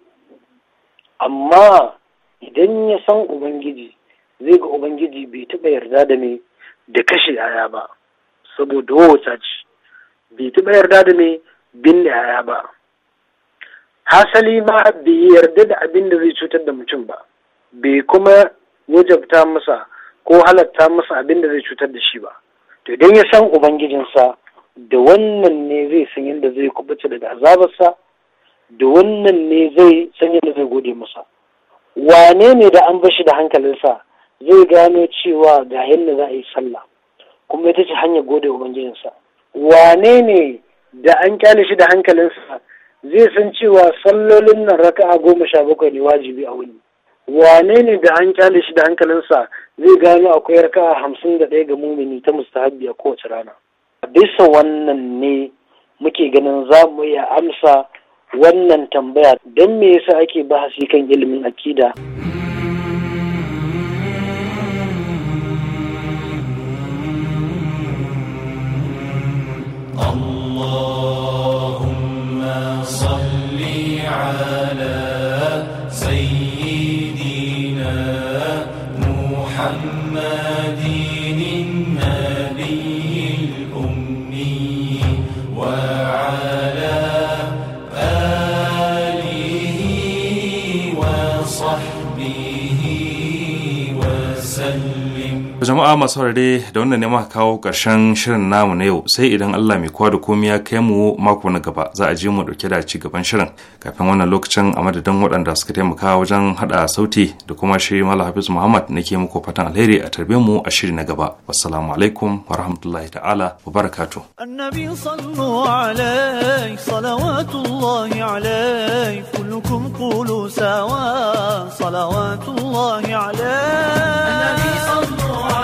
amma idan ya san ubangiji zai ga ubangiji bai taɓa yarda da me da kashe yaya ba saboda wata ce bai taɓa yarda da me bin da yaya ba hasali ma bai yarda da abin da zai cutar da mutum ba bai kuma wajabta masa ko halatta masa abin da zai cutar da shi ba to idan ya san ubangijinsa da wannan ne zai san yadda zai kubuta daga azabarsa da wannan ne zai san yadda zai gode masa wane ne da an bashi da hankalinsa zai gano cewa ga yadda za a yi sallah kuma ita ce hanyar gode ubangijinsa wane ne da an kyale shi da hankalinsa zai san cewa sallolin nan raka'a goma sha bakwai ne wajibi a wuni wane ne da an kyale shi da hankalinsa zai gano akwai a hamsin da ɗaya ga mumini ta mustahabbi a kowace rana A bisa wannan ne muke ganin za mu iya amsa wannan tambaya don me yasa ake bahasi kan ilimin akida Allah jama'a masu saurare da wannan ne kawo ƙarshen shirin namu na yau sai idan Allah mai kwa da komai ya kai mu mako na gaba za a je mu dauke da ci gaban shirin kafin wannan lokacin a madadin waɗanda suka taimaka wajen hada sauti da kuma shi Malam Hafiz Muhammad nake muku fatan alheri a tarbe mu a shiri na gaba wassalamu alaikum wa rahmatullahi ta'ala wa barakatuh annabi sallu alaihi salawatullahi alaihi kullukum qulu sawa salawatullahi alaihi annabi sallu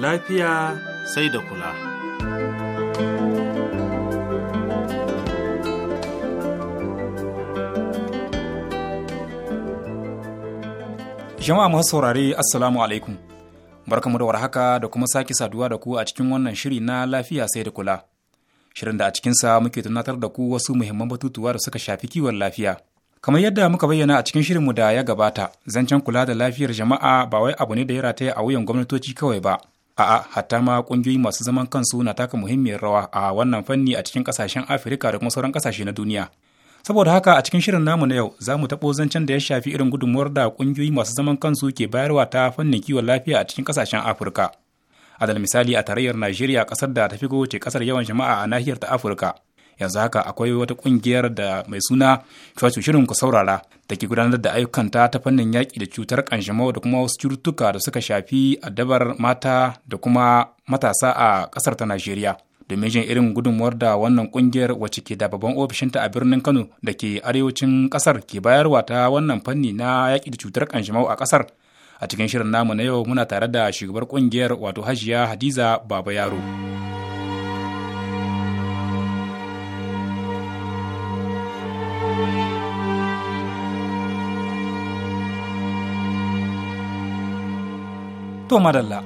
lafiya sai da kula. Jama'a masu saurare Assalamu alaikum. Barkamu da warhaka da kuma sake saduwa da ku a cikin wannan shiri na lafiya sai da kula. Shirin da a cikinsa muke tunatar da ku wasu muhimman batutuwa da suka shafi kiwon lafiya. Kamar yadda muka bayyana a cikin shirinmu da ya gabata, zancen kula da lafiyar jama'a ba wai abu ne da ya rataya a wuyan gwamnatoci kawai ba, a'a hatta ma kungiyoyi masu zaman kansu na taka muhimmiyar rawa a wannan fanni a cikin kasashen afirka da kuma sauran kasashe na duniya saboda haka a cikin shirin namu na yau za mu taɓo zancen da ya shafi irin gudunmuwar da kungiyoyi masu zaman kansu ke bayarwa ta fannin kiwon lafiya a cikin kasashen afirka adal misali a tarayyar najeriya kasar da ta fi ƙasar kasar yawan jama'a a nahiyar ta afirka yanzu haka akwai wata kungiyar da mai suna cuwacu shirin ku saurara da ke gudanar da ayyukanta ta fannin yaƙi da cutar kanjamau da kuma wasu cututtuka da suka shafi addabar mata da kuma matasa a ƙasar ta najeriya domin jin irin gudunmuwar da wannan kungiyar wacce ke da babban ofishinta a birnin kano da ke arewacin ƙasar ke bayarwa ta wannan fanni na yaƙi da cutar kanjamau a ƙasar a cikin shirin namu na yau muna tare da shugabar kungiyar wato hajiya hadiza baba yaro To madalla,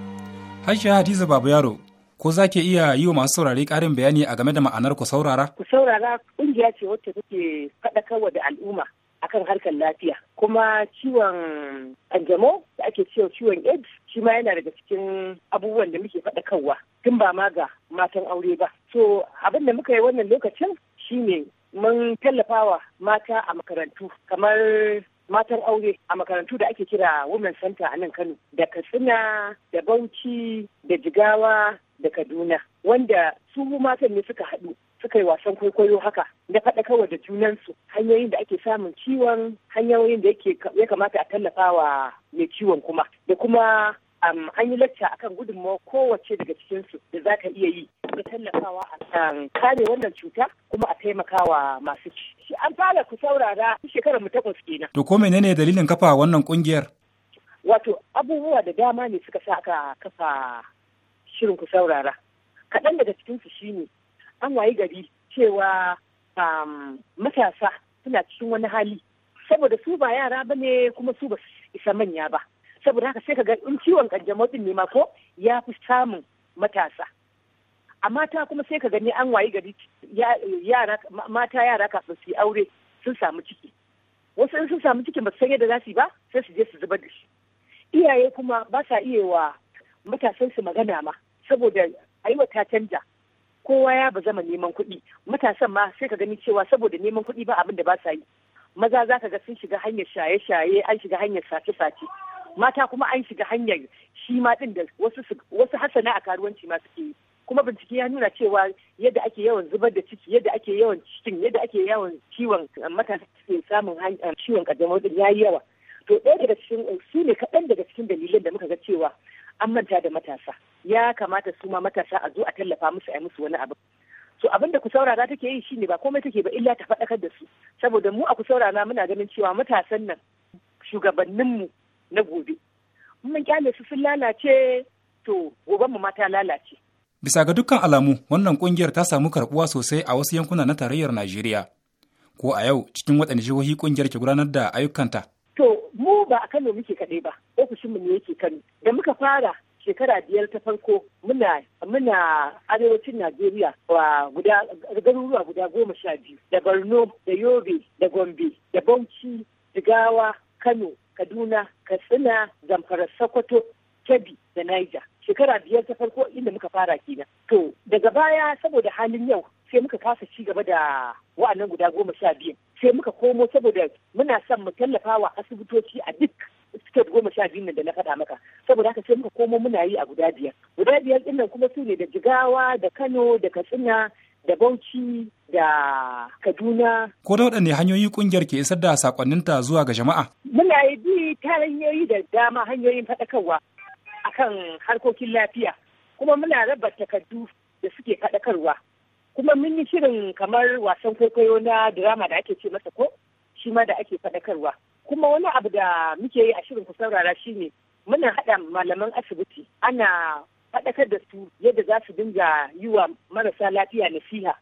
Haisha Hadiza Babu Yaro, ko za ke iya yi wa masu saurare ƙarin bayani a game da ma'anar ku saurara? Ku saurara ƙungiya ce wacce take faɗakarwa da al'umma akan harkar lafiya. Kuma ciwon ƙanjamau da ake cewa ciwon AIDS shi ma yana daga cikin abubuwan da muke faɗakarwa tun ba ma ga matan aure ba. So abin da muka yi wannan lokacin shine mun tallafawa mata a makarantu kamar matar aure a makarantu da ake kira women center a nan kano da katsina da bauchi da jigawa da kaduna wanda su matan ne suka haɗu suka yi wasan kwaikwayo haka na kawai da junansu hanyoyin da ake samun ciwon hanyoyin da ya kamata a tallafa wa mai ciwon kuma da kuma um, an yi lacca akan gudunmawa kowace daga cikinsu da za ka iya yi da tallafawa a kare wannan cuta kuma a taimakawa masu ci. shi an fara ku saurara shekarar mu takwas kenan. To ko menene dalilin kafa wannan kungiyar? Wato abubuwa da dama ne suka sa aka kafa shirin ku saurara. Kaɗan daga cikin su shine an wayi gari cewa matasa suna cikin wani hali saboda su ba yara ba ne kuma su ba isa manya ba saboda haka sai ka ga in ciwon kanjamau ne ma ko ya fi samun matasa a mata kuma sai ka gani an wayi gari yara mata yara kafin su yi aure sun samu ciki wasu in sun samu ciki ba su san yadda za su yi ba sai su je su zubar da shi iyaye kuma ba sa iya wa matasan su magana ma saboda aiwa ta canja kowa ya ba zama neman kuɗi matasan ma sai ka gani cewa saboda neman kuɗi ba abin da ba sa yi maza za ka ga sun shiga hanyar shaye-shaye an shiga hanyar sace-sace mata kuma an shiga hanyar shi ma ɗin da wasu hasana a karuwanci ma suke yi kuma bincike ya nuna cewa yadda ake yawan zubar da ciki yadda ake yawan cikin yadda ake yawan ciwon eh, matasa suke samun eh, ciwon kaddamar din ya yi yawa to ɗaya daga cikin eh, su ne kaɗan daga cikin dalilan da muka ga cewa an manta da matasa ya kamata su ma matasa a zo a tallafa musu a musu wani abu to abin da kusaurara take yi shine ba komai take ba illa ta faɗakar da su saboda mu a ku saurara muna ganin cewa matasan nan shugabannin mu na gobe mun kyale su sun lalace to gobanmu mu mata lalace Bisa ga dukkan alamu, wannan kungiyar ta samu karbuwa sosai a wasu yankuna na tarayyar Najeriya. Ko a yau cikin waɗanda jihohi kungiyar ke gudanar da ayyukanta? To, mu ba a Kano muke kaɗai ba, ofishinmu ne yake Kano. Da muka fara shekara biyar ta farko muna muna arewacin Najeriya wa guda garuruwa guda goma sha biyu da Borno da Yobe da Gombe da Bauchi Jigawa Kano Kaduna Katsina Zamfara Sokoto Kebbi da Niger shekara biyar ta farko inda muka fara kenan to daga baya saboda halin yau sai muka kasa ci gaba da wa'annan guda goma sha biyu sai muka komo saboda muna son mu tallafa wa asibitoci a duk state goma sha biyu da na faɗa maka saboda haka sai muka komo muna yi a guda biyar guda biyar ɗin nan kuma su ne da jigawa da kano da katsina da bauchi da kaduna ko da waɗanne hanyoyi ƙungiyar ke isar da sakonninta zuwa ga jama'a muna yi bi ta hanyoyi da dama hanyoyin faɗakarwa akan harkokin lafiya kuma muna raba takardu da suke faɗakarwa kuma mun yi shirin kamar wasan kwaikwayo na drama da ake ce masa ko shi ma da ake faɗakarwa kuma wani abu da muke yi a shirin ku saurara shine muna haɗa malaman asibiti ana faɗakar da su yadda za su dinga yi wa marasa lafiya nasiha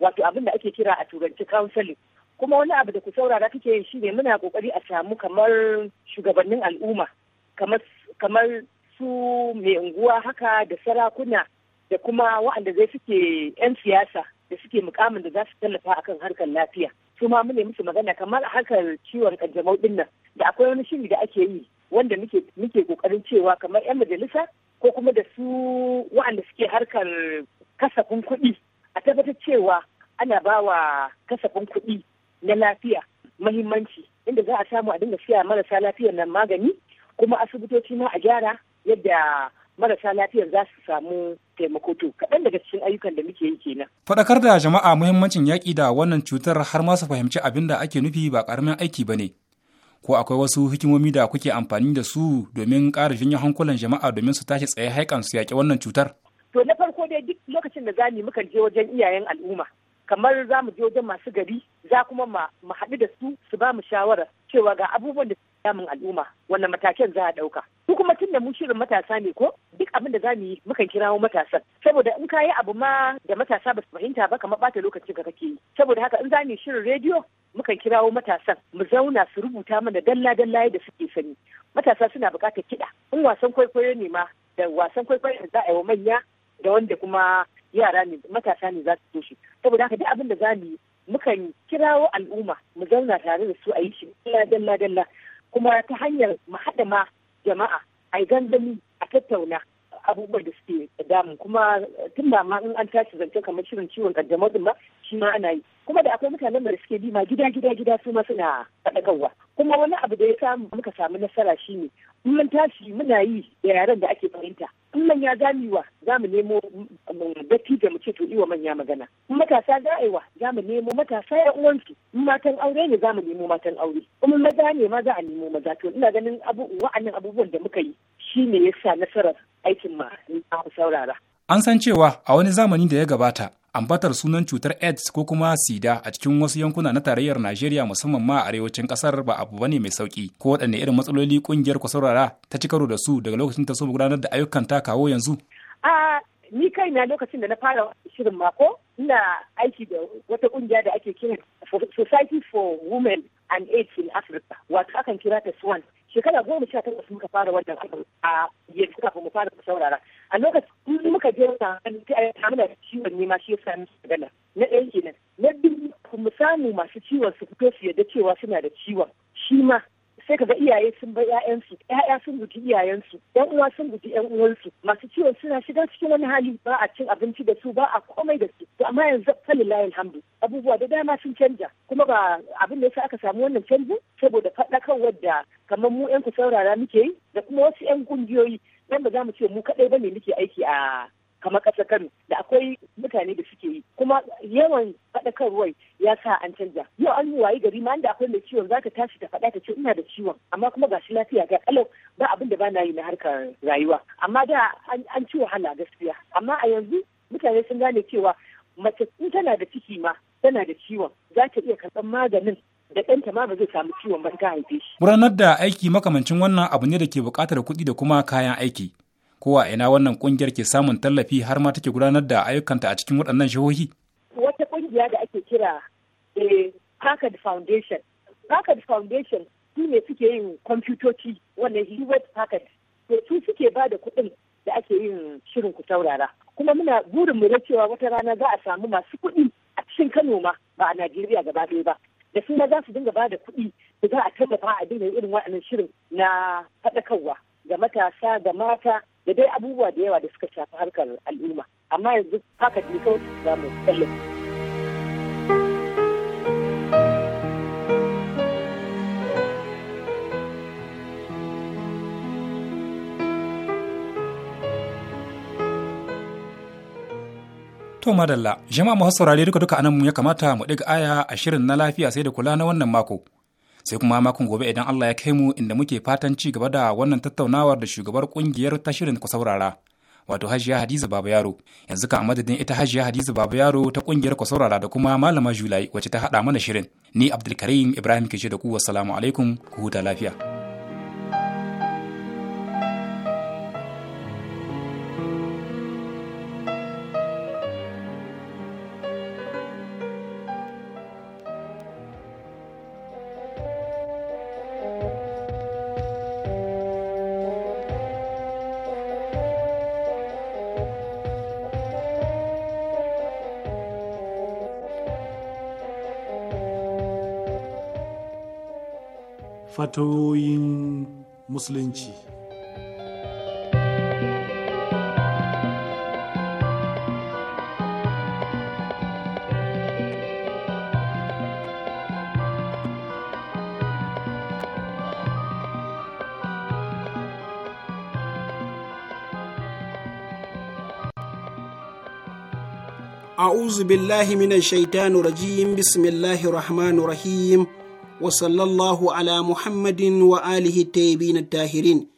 wato abin da ake kira a turanci counseling kuma wani abu da ku saurara kake yin shine muna kokari a samu kamar shugabannin al'umma kamar su mai unguwa haka da sarakuna da kuma waɗanda zai suke 'yan siyasa da suke mukamin da za su tallafa akan harkar lafiya su ma mune musu magana kamar harkar ciwon kanjamau din nan da akwai wani shiri da ake yi wanda muke muke kokarin cewa kamar 'yan majalisa ko kuma da su wa'anda suke harkar kasafin kuɗi a tabbatar cewa ana bawa kasafin kuɗi na lafiya mahimmanci inda za a samu a dinga siya marasa lafiyar nan magani kuma asibitoci ma a gyara yadda marasa lafiyar za su samu taimako to kaɗan daga cikin ayyukan da muke yi kenan. Faɗakar da jama'a muhimmancin yaƙi da wannan cutar har ma su fahimci abin da ake nufi ba ƙaramin aiki ba ne. Ko akwai wasu hikimomi da kuke amfani da su domin ƙara jinya hankulan jama'a domin su tashi tsaye haikan su yaƙi wannan cutar? To na farko dai duk lokacin da zani mukan je wajen iyayen al'umma. kamar za mu je wajen masu gari za kuma mu haɗu da su su ba mu shawara cewa ga abubuwan da suke damun al'umma wannan matakin za a ɗauka. Su kuma tun da mu shirin matasa ne ko duk abin da za mu yi mukan kirawo matasan. Saboda in ka yi abu ma da matasa ba su fahimta ba kamar ɓata lokacin ka kake yi. Saboda haka in za mu yi shirin rediyo mukan kirawo matasan mu zauna su rubuta mana dalla-dalla da suke sani. Matasa suna buƙatar kiɗa. In wasan kwaikwayo ne ma da wasan kwaikwayo da za a yi wa manya da wanda kuma yara ne matasa ne za su toshe saboda haka duk abin da za mu mukan kirawo al'umma mu zauna tare da su a yi shi dalla dalla kuma ta hanyar mu haɗa ma jama'a a yi gangami a tattauna abubuwan da suke damu kuma tun ba ma in an tashi zance kamar shirin ciwon kaddamar ma shi ma ana yi kuma da akwai mutanen da suke bi ma gida gida gida su ma suna faɗakarwa kuma wani abu da ya samu muka samu nasara shine mun tashi muna yi da yaren da ake fahimta in manya za mu yi wa za mu nemo datti da mu ce to iwa manya magana in matasa za a yi wa za mu nemo matasa ya uwansu in matan aure ne za mu nemo matan aure kuma maza ne ma za a nemo maza to ina ganin wa'annan abubuwan da muka yi shi ne ya sa nasarar aikin ma saurara. An san cewa a wani zamani da ya gabata ambatar sunan cutar aids ko kuma sida a cikin wasu yankuna na tarayyar najeriya musamman ma a arewacin kasar ba abu bane mai sauki ko waɗanne irin matsaloli kungiyar ku saurara ta ci karo da su daga lokacin ta so gudanar da ayyukan ta kawo yanzu a ni kai na lokacin da na fara shirin mako ina aiki da wata kungiya da ake kira society for women an AIDS in Africa wato akan kira ta SWAN shekara goma sha takwas muka fara wannan abu a yanzu kafin mu fara saurara a lokacin muka je ta hamuna ciwon ne ma shi ya sami gana na ɗaya kenan na biyu mu samu masu ciwon su fito su da cewa suna da ciwon shi ma sai kaga iyaye sun bar ƴaƴansu ƴaƴa sun guji iyayensu ƴan uwa sun guji ƴan uwansu masu ciwon suna shiga cikin wani hali ba a cin abinci da su ba a komai da su to amma yanzu falilahi alhamdu abubuwa da dama sun canja kuma ba abin da yasa aka samu wannan canji saboda faɗakarwar da kamar mu ƴan ku saurara muke yi da kuma wasu ƴan ƙungiyoyi nan ba za mu ce mu kaɗai ba ne muke aiki a kamar kasa Kano da akwai mutane da suke yi kuma yawan faɗakarwar ya sa an canza yau an yi wayi gari ma inda akwai mai ciwon za ta tashi ta faɗa ta ce ina da ciwon amma kuma gashi lafiya ga kalau ba abin da ba na yi na harkar rayuwa amma da an ci wahala gaskiya amma a yanzu mutane sun gane cewa mace in tana da ciki ma tana da ciwon za ta iya karɓar maganin da ɗanta ma ba zai samu ciwon ba ta haife shi. Gudanar da aiki makamancin wannan abu ne da ke buƙatar kuɗi da kuma kayan aiki. ko a ina wannan kungiyar ke samun tallafi har ma take gudanar da ayyukanta a cikin waɗannan jihohi wata kungiya da ake kira eh, Packard Foundation Packard Foundation su ne suke yin kwamfutoci wannan Hewlett Packard to su suke ba da kuɗin da ake yin shirin ku taurara kuma muna burin mu cewa wata rana za a samu masu kuɗi a cikin Kano ma ba a Najeriya gaba ɗaya ba da su za su dinga ba da kuɗi da za a tallafa a dinga irin waɗannan shirin na faɗakarwa ga matasa ga mata da dai abubuwa da yawa da suka shafi harkar al'umma amma yanzu haka ne kawai za mu tallafi To madalla, jama'a masu saurare duka duka anan ya kamata mu ɗiga aya a shirin na lafiya sai da kula na wannan mako. sai kuma makon gobe idan Allah ya kai mu inda muke fatan ci gaba da wannan tattaunawar da shugabar kungiyar tashirin ku saurara wato Hajiya Hadiza Baba Yaro yanzu ka amadadin ita Hajiya Hadiza Baba Yaro ta kungiyar ku saurara da kuma malama Julai wacce ta hada mana shirin ni Abdulkarim Ibrahim ke ce da ku assalamu alaikum ku huta lafiya matoyin musulunci a'uzu billahi minan shaitanu rajim bismillahi rahmanu rahim wa sallallahu ala Muhammadin wa alihi na tahirin.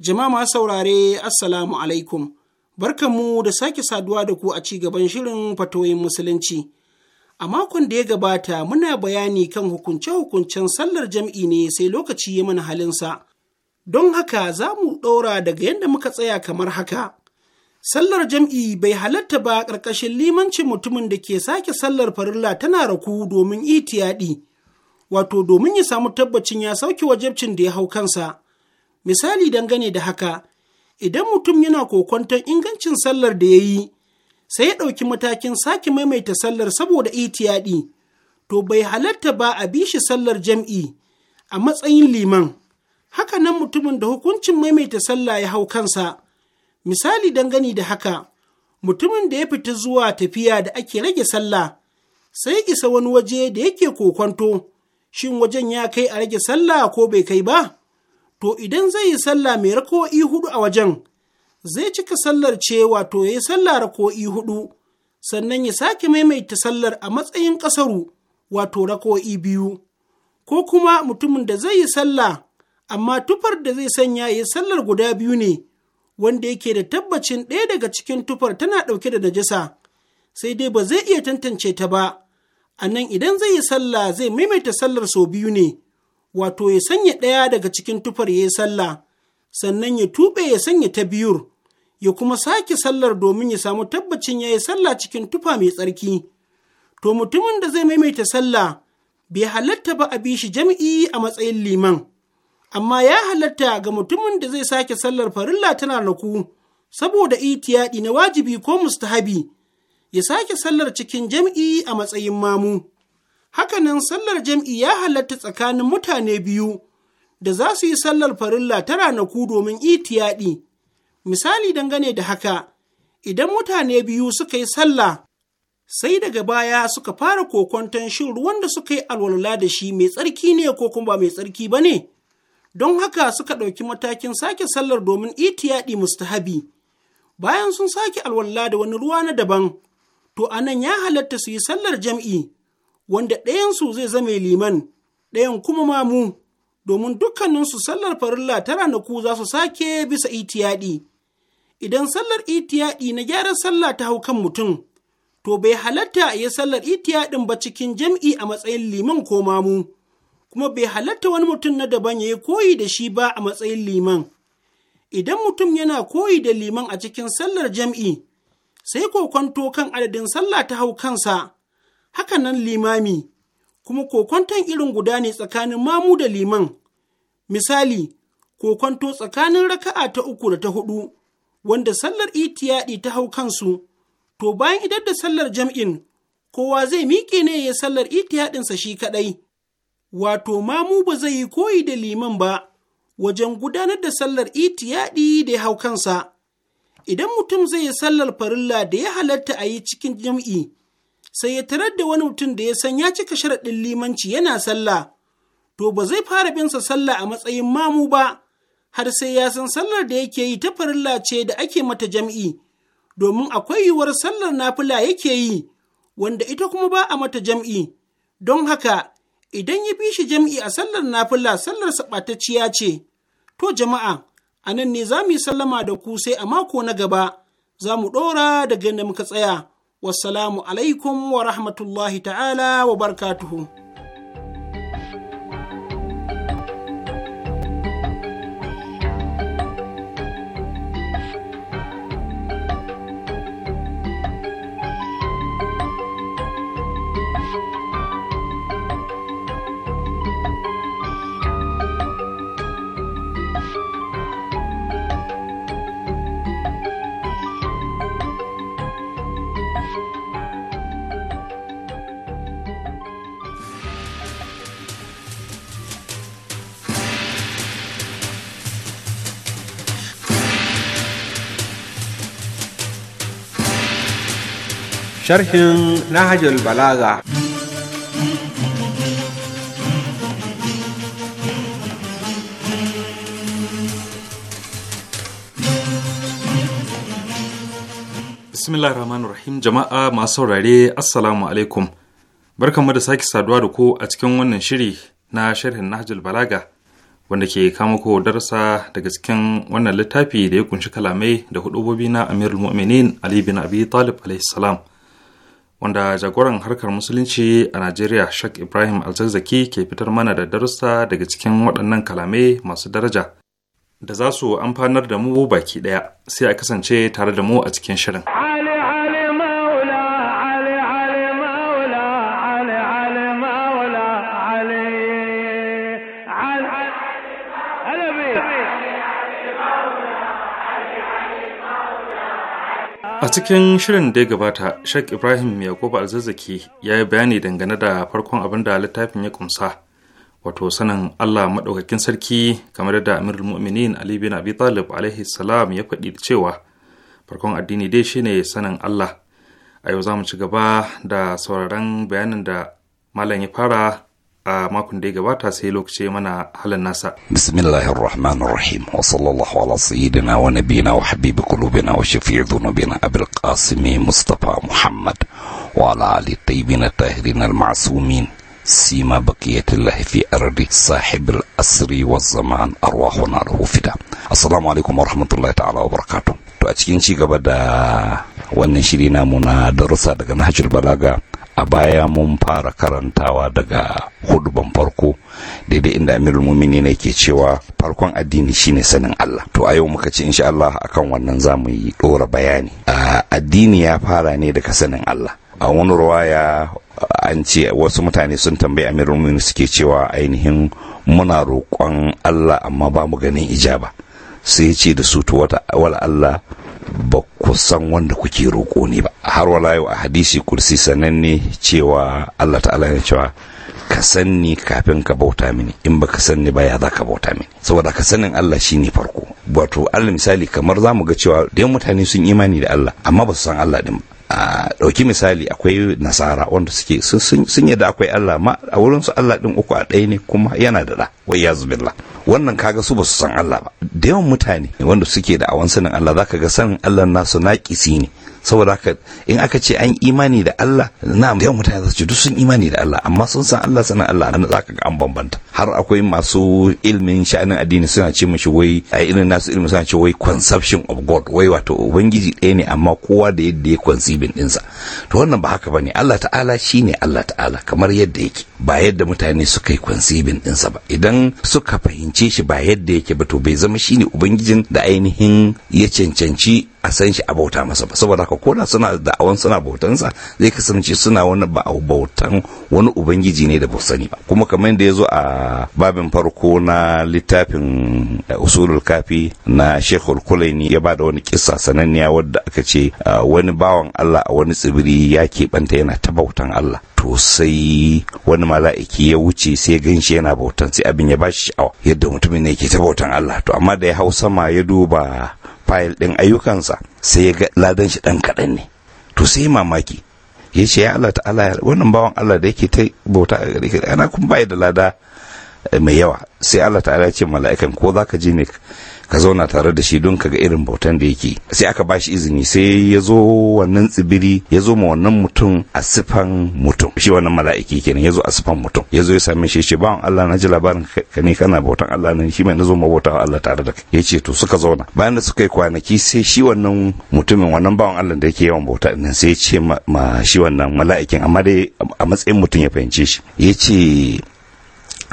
Jama'a ma saurare Assalamu alaikum. Barkanmu da sake saduwa da ku a ci gaban shirin fatoyin musulunci. A makon da ya gabata muna bayani kan hukunce-hukuncen sallar jam'i ne sai lokaci ya mana halinsa. Don haka za mu ɗora daga yadda muka tsaya kamar haka. Sallar jam'i bai halatta ba ƙarƙashin limancin mutumin da ke sake sallar farilla tana raku domin itiyaɗi. wato domin ya samu tabbacin ya sauke wajabcin da ya hau kansa. Misali dangane da haka, idan mutum yana kokwanton ingancin sallar da ya yi, sai ya ɗauki matakin sake maimaita sallar saboda itiyaɗi, to bai halatta ba a bi shi sallar jam'i a matsayin liman. Haka nan mutumin da hukuncin maimaita sallah ya hau kansa. Misali dangane da haka, mutumin da ya fita zuwa tafiya da ake rage sallah, sai isa wani waje da yake kokwanto. shin wajen ya kai a rage sallah ko bai kai ba? To idan zai yi sallah mai rako'i hudu a wajen, zai cika sallar ce wato ya yi sallah rako'i hudu, sannan ya sake maimaita sallar a matsayin ƙasaru wato rako'i biyu, ko kuma mutumin da zai yi sallah amma tufar da zai sanya ya yi sallar guda biyu ne, wanda yake da tabbacin ɗaya daga cikin tufar tana ɗauke da najasa, sai dai ba zai iya tantance ta ba. Anan idan zai yi sallah zai maimaita sallar sau biyu ne wato ya sanya ɗaya daga cikin tufar ya yi sallah sannan ya tuɓe ya sanya ta biyur ya kuma sake sallar domin ya samu tabbacin ya yi sallah cikin tufa mai tsarki to mutumin da zai maimaita sallah bai halatta ba a bi shi jam'i a matsayin liman amma ya halatta ga mutumin da zai sake sallar farilla tana naku saboda itiyaɗi na wajibi ko mustahabi ya sake sallar cikin jam'i a matsayin mamu. Hakanan sallar jam'i ya halatta tsakanin mutane biyu da za su yi sallar farilla ta ranaku domin itiyaɗi. Misali dangane da haka, idan mutane biyu suka yi sallah sai daga baya suka fara kokonton shin ruwan da suka yi alwala da shi mai tsarki ne ko kuma ba mai tsarki ba ne. Don haka suka ɗauki matakin sake sallar domin itiyaɗi mustahabi. Bayan sun sake alwala da wani ruwa na daban, to anan ya halatta su yi sallar jam'i wanda ɗayansu zai zame liman ɗayan kuma mamu domin dukkaninsu sallar farilla ta ranaku za su sake bisa itiyaɗi idan sallar itiyaɗi na gyaran sallah ta hau kan mutum to bai halatta ya sallar itiyaɗin ba cikin jam'i a matsayin liman ko mamu kuma bai halatta wani mutum na daban ya yi koyi da shi ba a matsayin liman idan mutum yana koyi da liman a cikin sallar jam'i sai kokwanto kan adadin sallah ta hau kansa, haka nan limami, kuma kokwanton irin guda ne tsakanin mamu da liman. Misali, kokwanto tsakanin raka'a ta uku da ta hudu, wanda sallar itiyaɗi ta hau kansu, to bayan idar da sallar jam'in, kowa zai miƙe ne ya sallar itiyaɗinsa shi kaɗai. Wato, mamu ba zai yi koyi da liman ba, wajen gudanar da sallar itiyaɗi da ya hau kansa. idan mutum zai yi sallar farilla da ya halatta a yi cikin jam'i, sai ya tarar da wani mutum da ya san ya cika sharaɗin limanci yana sallah, to ba zai fara binsa sallah a matsayin mamu ba, har sai ya san sallar da yake yi ta farilla ce da ake mata jam'i, domin akwai yiwuwar sallar nafila yake yi, wanda ita kuma ba a mata jam'i. Don haka, idan ya bi shi jam'i a sallar nafila sallar ɓatacciya ce, to jama'a, A nan ne za mu yi sallama da ku sai a mako na gaba za mu ɗora daga inda muka tsaya. Wassalamu alaikum wa rahmatullahi ta'ala wa barkatuhu. sharhin Nahajul Balaga. Bismillah rahman rahim jama'a masu saurare assalamu alaikum barkanmu da sake saduwa da ku a cikin wannan shiri na sharhin Nahjul Balaga wanda ke kama ko darasa daga cikin wannan littafi da ya kunshi kalamai da hudubobi na Amirul Mu'minin Ali bin Abi Talib alaihi salam. wanda jagoran harkar musulunci a Najeriya shak Ibrahim Alzazzaki ke fitar mana da darussa daga cikin waɗannan kalamai masu daraja da za su amfanar da mu baki ɗaya sai a kasance tare da mu a cikin shirin. A cikin shirin da ya gabata, Sheikh Ibrahim Yakubu Alzazzaki ya yi bayani dangane da farkon abin da littafin ya kumsa, wato sanin Allah maɗaukakin sarki kamar da Amir Mu'minin Ali bin Abi Talib alaihi salam ya faɗi cewa farkon addini dai shine sanin Allah. A yau za mu ci gaba da sauraron bayanin da Malam ya fara a makon da ya gabata sai lokaci mana halin nasa. Bismillahir Rahmanir Rahim wa sallallahu ala sayyidina wa nabiyina wa habibi qulubina wa shafi'i dhunubina Abul Qasim Mustafa Muhammad wa ala ali tayyibin tahirin al ma'sumin fi ardi sahib al asri wa zaman arwahuna أرواحنا fida. Assalamu alaikum wa rahmatullahi ta'ala wa barakatuh. to a cikin ci gaba da wannan shiri namu na darussa daga nahjul balaga a baya mun fara karantawa daga huduban farko daidai inda amirul mumini ne ke cewa farkon addini shine sanin Allah to a yau muka ce insha Allah akan wannan za mu yi dora bayani addini ya fara ne daga sanin Allah a wani ruwaya an ce wasu mutane sun tambayi amirul mumini suke cewa ainihin muna roƙon Allah amma ba mu ganin ijaba sai ce da su to wala Allah ba ku san wanda kuke roƙo ne ba har wala yau a hadisi kursi sananne cewa Allah ta'ala ya cewa ka sanni kafin ka bauta mini in ba ka sanni ba ya za ka bauta mini saboda ka sanin Allah shi ne farko wato Allah misali kamar za mu ga cewa da mutane sun imani da Allah amma ba su san Allah din ba a ɗauki misali akwai nasara wanda suke sun yi da akwai Allah ma a wurin su Allah ɗin uku a ɗaya ne kuma yana da ɗa wai ya zubilla wannan kaga su basu san Allah ba da yawan mutane wanda suke da awan sanin Allah zaka ga sanin Allah nasu naƙisi ne saboda haka in aka ce an imani da Allah na yawan mutane za su ce duk sun imani da Allah amma sun san Allah sanan Allah an zaka ga an bambanta har akwai masu ilmin sha'anin addini suna ce mishi wai a irin nasu ilmin suna ce wai conception of God wai wato ubangiji ɗaya ne amma kowa da yadda ya din ɗinsa to wannan ba haka bane Allah ta'ala shine Allah ta'ala kamar yadda yake ba yadda mutane suka yi din ɗinsa ba idan suka fahimce shi ba yadda yake ba to bai zama shine ubangijin da ainihin ya cancanci a san shi a bauta masa ba saboda haka koda suna da'awan suna bautansa zai kasance suna wani ba bautan wani ubangiji ne da sani ba kuma kamar da ya zo a babin farko na littafin eh, usulul kafi na shekul kulaini ya ba da wani kisa sananniya wadda aka ce eh, wani bawan allah a wani tsibiri ya keɓanta yana ta bautan allah to sai wani mala'iki ya wuce sai gan shi yana bautan sai abin ya bashi sha'awa yadda mutumin ne ke ta bautan Allah to amma da ya hau sama ya duba fayil ɗin ayyukansa sai ya ga ladan shi ɗan kaɗan ne to sai mamaki ya ce ya Allah ta'ala wannan bawan Allah da yake ta bauta a gare ka ana kun bai da lada mai yawa sai Allah ta'ala ya ce mala'ikan ko zaka je ne ka zauna tare da shi don ka ga irin bautan da yake sai aka ba shi izini sai ya zo wannan tsibiri ya zo ma wannan mutum a sifan mutum shi wannan mala'iki kenan ya zo a sifan mutum ya zo ya same shi ce bawan Allah na ji labarin ka ne kana bautan Allah ne shi mai na zo ma bauta Allah tare da kai ya ce to suka zauna bayan da suka yi kwanaki sai shi wannan mutumin wannan bawan Allah da yake yawan bauta din sai ya ce ma shi wannan mala'ikin amma dai a matsayin mutum ya fahimce shi ya ce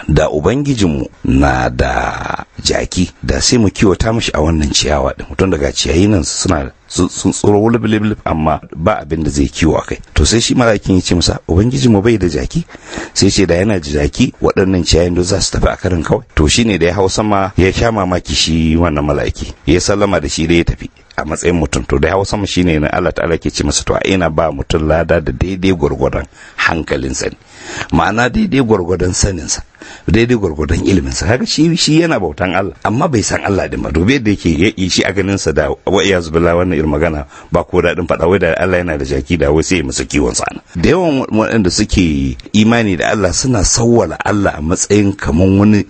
da ubangijinmu na da jaki da sai mu kiwata mashi a wannan ciyawa din mutum daga ciyayi nan suna sun tsoro wulif amma ba abin da zai kiwo kai to sai shi malakin ya ce masa ubangijinmu bai da jaki sai ce da yana da jaki waɗannan ciyayin da za su tafi a karin kawai to shine da ya hau sama ya sha mamaki shi wannan malaki ya sallama da shi da ya tafi a matsayin mutum to da hausa mu shine na Allah ta'ala ke ce masa to ina ba mutum lada da daidai gwargwadon hankalin sani ma'ana daidai gwargwadon saninsa sa daidai gwargwadon ilimin sa kaga shi shi yana bautan Allah amma bai san Allah din ba dube da yake yi shi a ganin sa da wa iya zubilla wannan irin magana ba ko dadin faɗa wai da Allah yana da jaki da wai sai ya musu kiwon sa da yawan waɗanda suke imani da Allah suna sawwala Allah a matsayin kaman wani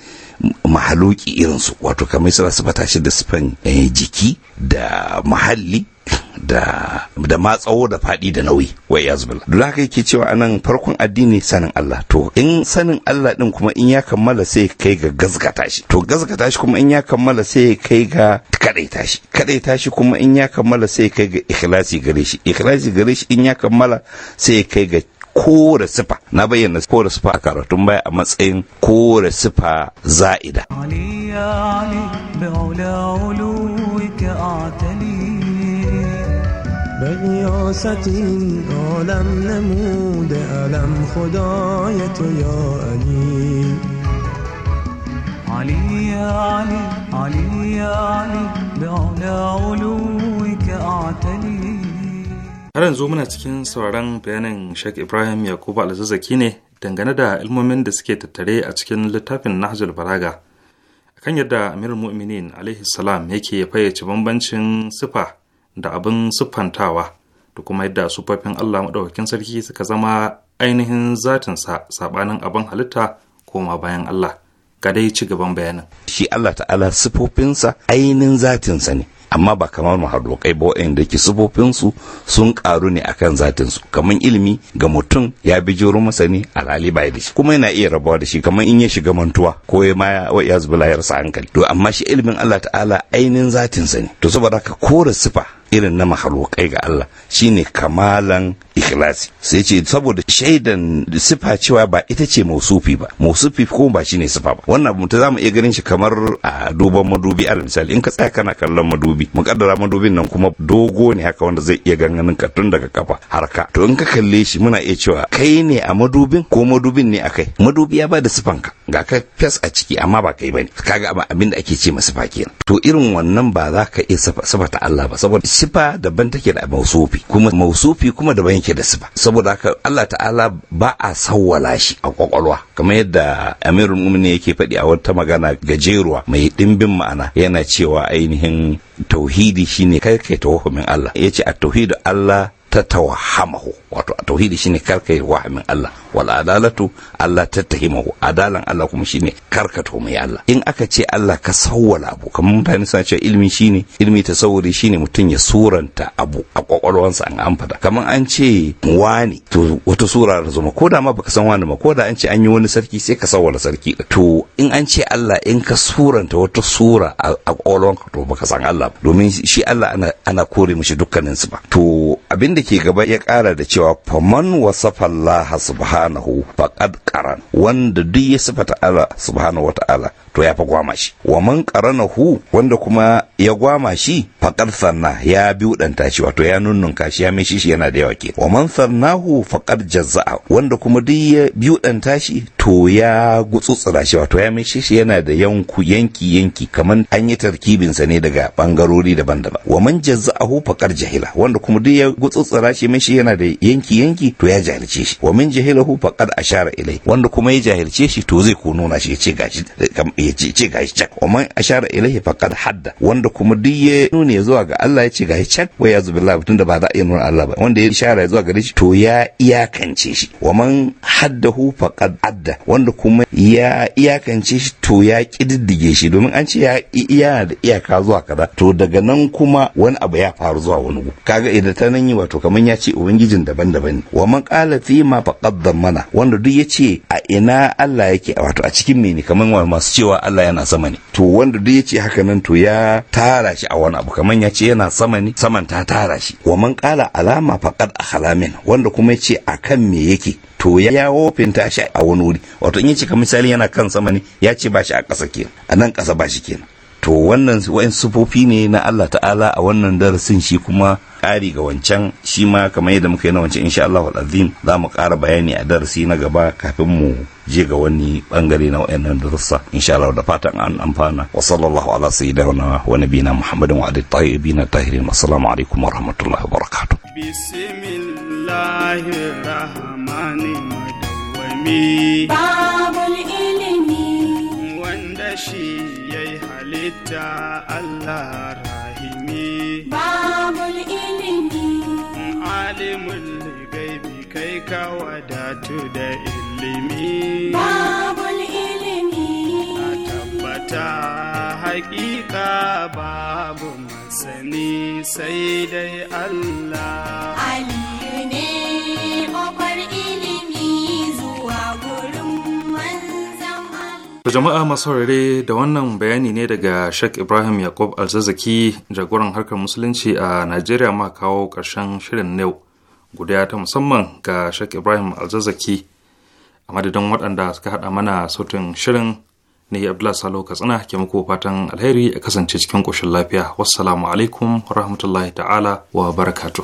mahaluki irinsu wato kamar suna sifata shi da sifan eh, jiki da muhalli da da matsawo da faɗi da nauyi wa yazbil don haka yake cewa anan farkon addini sanin Allah to in sanin Allah din kuma in ya kammala sai kai ga gazgata shi to gazgata shi kuma in ya kammala sai kai ga kadaita shi kadaita shi kuma in ya kammala sai kai ga ikhlasi gare shi ikhlasi gare shi in ya kammala sai kai ga kore sifa na bayyana kore sifa a karatun baya a matsayin kore sifa za'ida علي علي علي علي بعلى علوك أعتلي Har yanzu muna cikin sauraron bayanin Sheikh Ibrahim Yakubu Alzazzaki ne dangane da ilmomin da suke tattare a cikin littafin Nahjul Balaga. Kan yadda Amir Mu'minin alaihi salam yake fayyace bambancin sifa da abin siffantawa da kuma yadda sufafin Allah maɗaukakin sarki suka zama ainihin zatinsa saɓanin abin halitta koma bayan Allah. Ga dai ci gaban bayanin. Shi Allah ta'ala sifofinsa ainihin zatinsa ne. amma ba kamar mahalukai ba waɗanda ke sufofinsu sun karu ne akan zatinsu kamar ilimi ga mutum ya bi jiro masani alhali ba da shi kuma yana iya rabuwa da shi kamar in ya shiga mantuwa ko ya ma ya zubi layarsa hankali to amma shi ilimin Allah ta'ala ainihin zatinsa ne to saboda ka kore sifa irin na mahalokai ga Allah shine kamalan ikhlasi sai ce saboda shaidan sifa cewa ba ita ce mausufi ba mausufi ko ba shine sifa ba wannan abu ta zamu iya ganin shi kamar a duban madubi a misali in ka tsaya kana kallon madubi mu kaddara madubin nan kuma dogo ne haka wanda zai iya ganganin ka tun daga kafa har ka to in ka kalle shi muna iya cewa kai ne a madubin ko madubin ne a kai madubi ya bada sifan ka ga ka fes a ciki amma ba kai bane kaga abin da ake ce ma sifa kenan to irin wannan ba za ka iya ta Allah ba saboda sifa daban take da mausufi kuma mausufi kuma daban yake da sifa saboda haka Allah ta'ala ba a sawwala shi a kwakwalwa kamar yadda Amirul Mu'minin yake faɗi a wata magana gajeruwa mai dimbin ma'ana yana cewa ainihin tauhidi shine kai kai tawhumin Allah yace at-tauhidu Allah tatawahamahu wato a tauhidi shine karka yi wahamin Allah wal adalatu Allah tattahimahu adalan Allah kuma shine karka mai Allah in aka ce Allah ka sawwala abu kamar mutane suna cewa ilmi shine ilmi tasawuri shine mutum ya suranta abu a kwakwalwansa an an kamar an ce wani to wata sura da zuma ko da ma baka san wani ma ko da an ce an yi wani sarki sai ka sawwala sarki to in an ce Allah in ka suranta wata sura a kwakwalwanka to baka san Allah domin shi Allah ana ana kore mishi dukkanin su ba to abinda ke gaba ya kara da cewa faman wasafa Allah subhanahu faqad qaran wanda duk ya sifata Allah subhanahu wata'ala to ya fa gwama shi wa man qaranahu wanda kuma ya gwama shi faqad sanna ya danta shi wato ya nunnunka shi ya mishi shi yana da yawa ke wa man sannahu faqad jazza'a wanda kuma duk ya danta shi to ya gutsutsura shi wato ya mishi shi yana da yanku yanki yanki kaman an yi tarkibinsa ne daga bangarori daban-daban wa man jazza'ahu faqad jahila wanda kuma duk ya gutsutsura gutsara shi mishi yana da yanki yanki to ya jahilce shi wa min jahilahu faqad ashara ilai wanda kuma ya jahilce shi to zai ko nuna shi yace gashi yace ce gashi chak wa man ashara ilai faqad hadda wanda kuma duk ya nuna zuwa ga Allah yace gashi chak wa ya zubillah tunda ba za a iya nuna Allah ba wanda ya ishara zuwa gare shi to ya iyakance shi wa man haddahu faqad adda wanda kuma ya iyakance shi to ya kididdige shi domin an ce ya iya da iyaka zuwa kaza to daga nan kuma wani abu ya faru zuwa wani kaga idan ta nan yi wato kaman ya ce ubangijin daban-daban wa man qala fi ma faqad mana wanda duk ya ce a ina Allah yake wato a cikin me ne kaman masu cewa Allah yana sama ne to wanda duk ya ce haka nan to ya tara shi a wani abu kaman ya ce yana sama ne saman ta tara shi wa man qala alama faqad akhlamin wanda kuma ya ce akan me yake to ya wofinta shi a wani wuri wato in ya ce kamar misali yana kan sama ne ya ce ba shi a ƙasa kenan a nan ƙasa ba shi kenan to wannan wa'in sufofi ne na Allah ta'ala a wannan darasin shi kuma ƙari ga wancan shi ma kamar yadda muka yi na wancan insha Allah azim za mu ƙara bayani a darasi na gaba kafin mu je ga wani bangare na wayannan darussa insha Allah da fatan an amfana wa sallallahu ala sayyidina wa nabiyina Muhammadin wa alihi tayyibin tahirin assalamu alaikum wa rahmatullahi wa barakatuh bismillahir rahmanir babul ilimi wanda shi yayi halitta Allah rahimi babul ilimi alimin gaibi kai ka wadatu da ilimi babul ilimi a tabbata hakika babu masani sai dai Allah To jama'a masu saurare da wannan bayani ne daga Sheikh Ibrahim Yakub Alzazaki jagoran harkar musulunci a Najeriya ma kawo ƙarshen shirin yau. Guda ta musamman ga Sheikh Ibrahim Alzazaki a madadin waɗanda suka haɗa mana sautin shirin ne Abdullahi Salo Katsina ke muku fatan alheri a kasance cikin ƙoshin lafiya. Wassalamu alaikum wa rahmatullahi ta'ala wa barakatuh.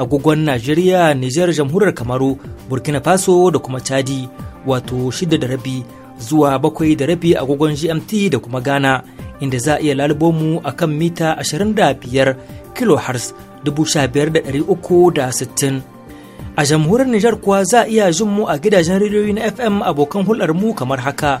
agogon Najeriya, Nijar, Jamhuriyar Kamaru, Burkina Faso da kuma Chadi, wato shida da rabi zuwa bakwai da rabi agogon GMT da kuma Ghana, inda za a iya lalubo mu a kan mita 25 kHz 15,360. A jamhuriyar Nijar kuwa za a iya jin mu a gidajen rediyoyi na FM abokan hulɗar mu kamar haka.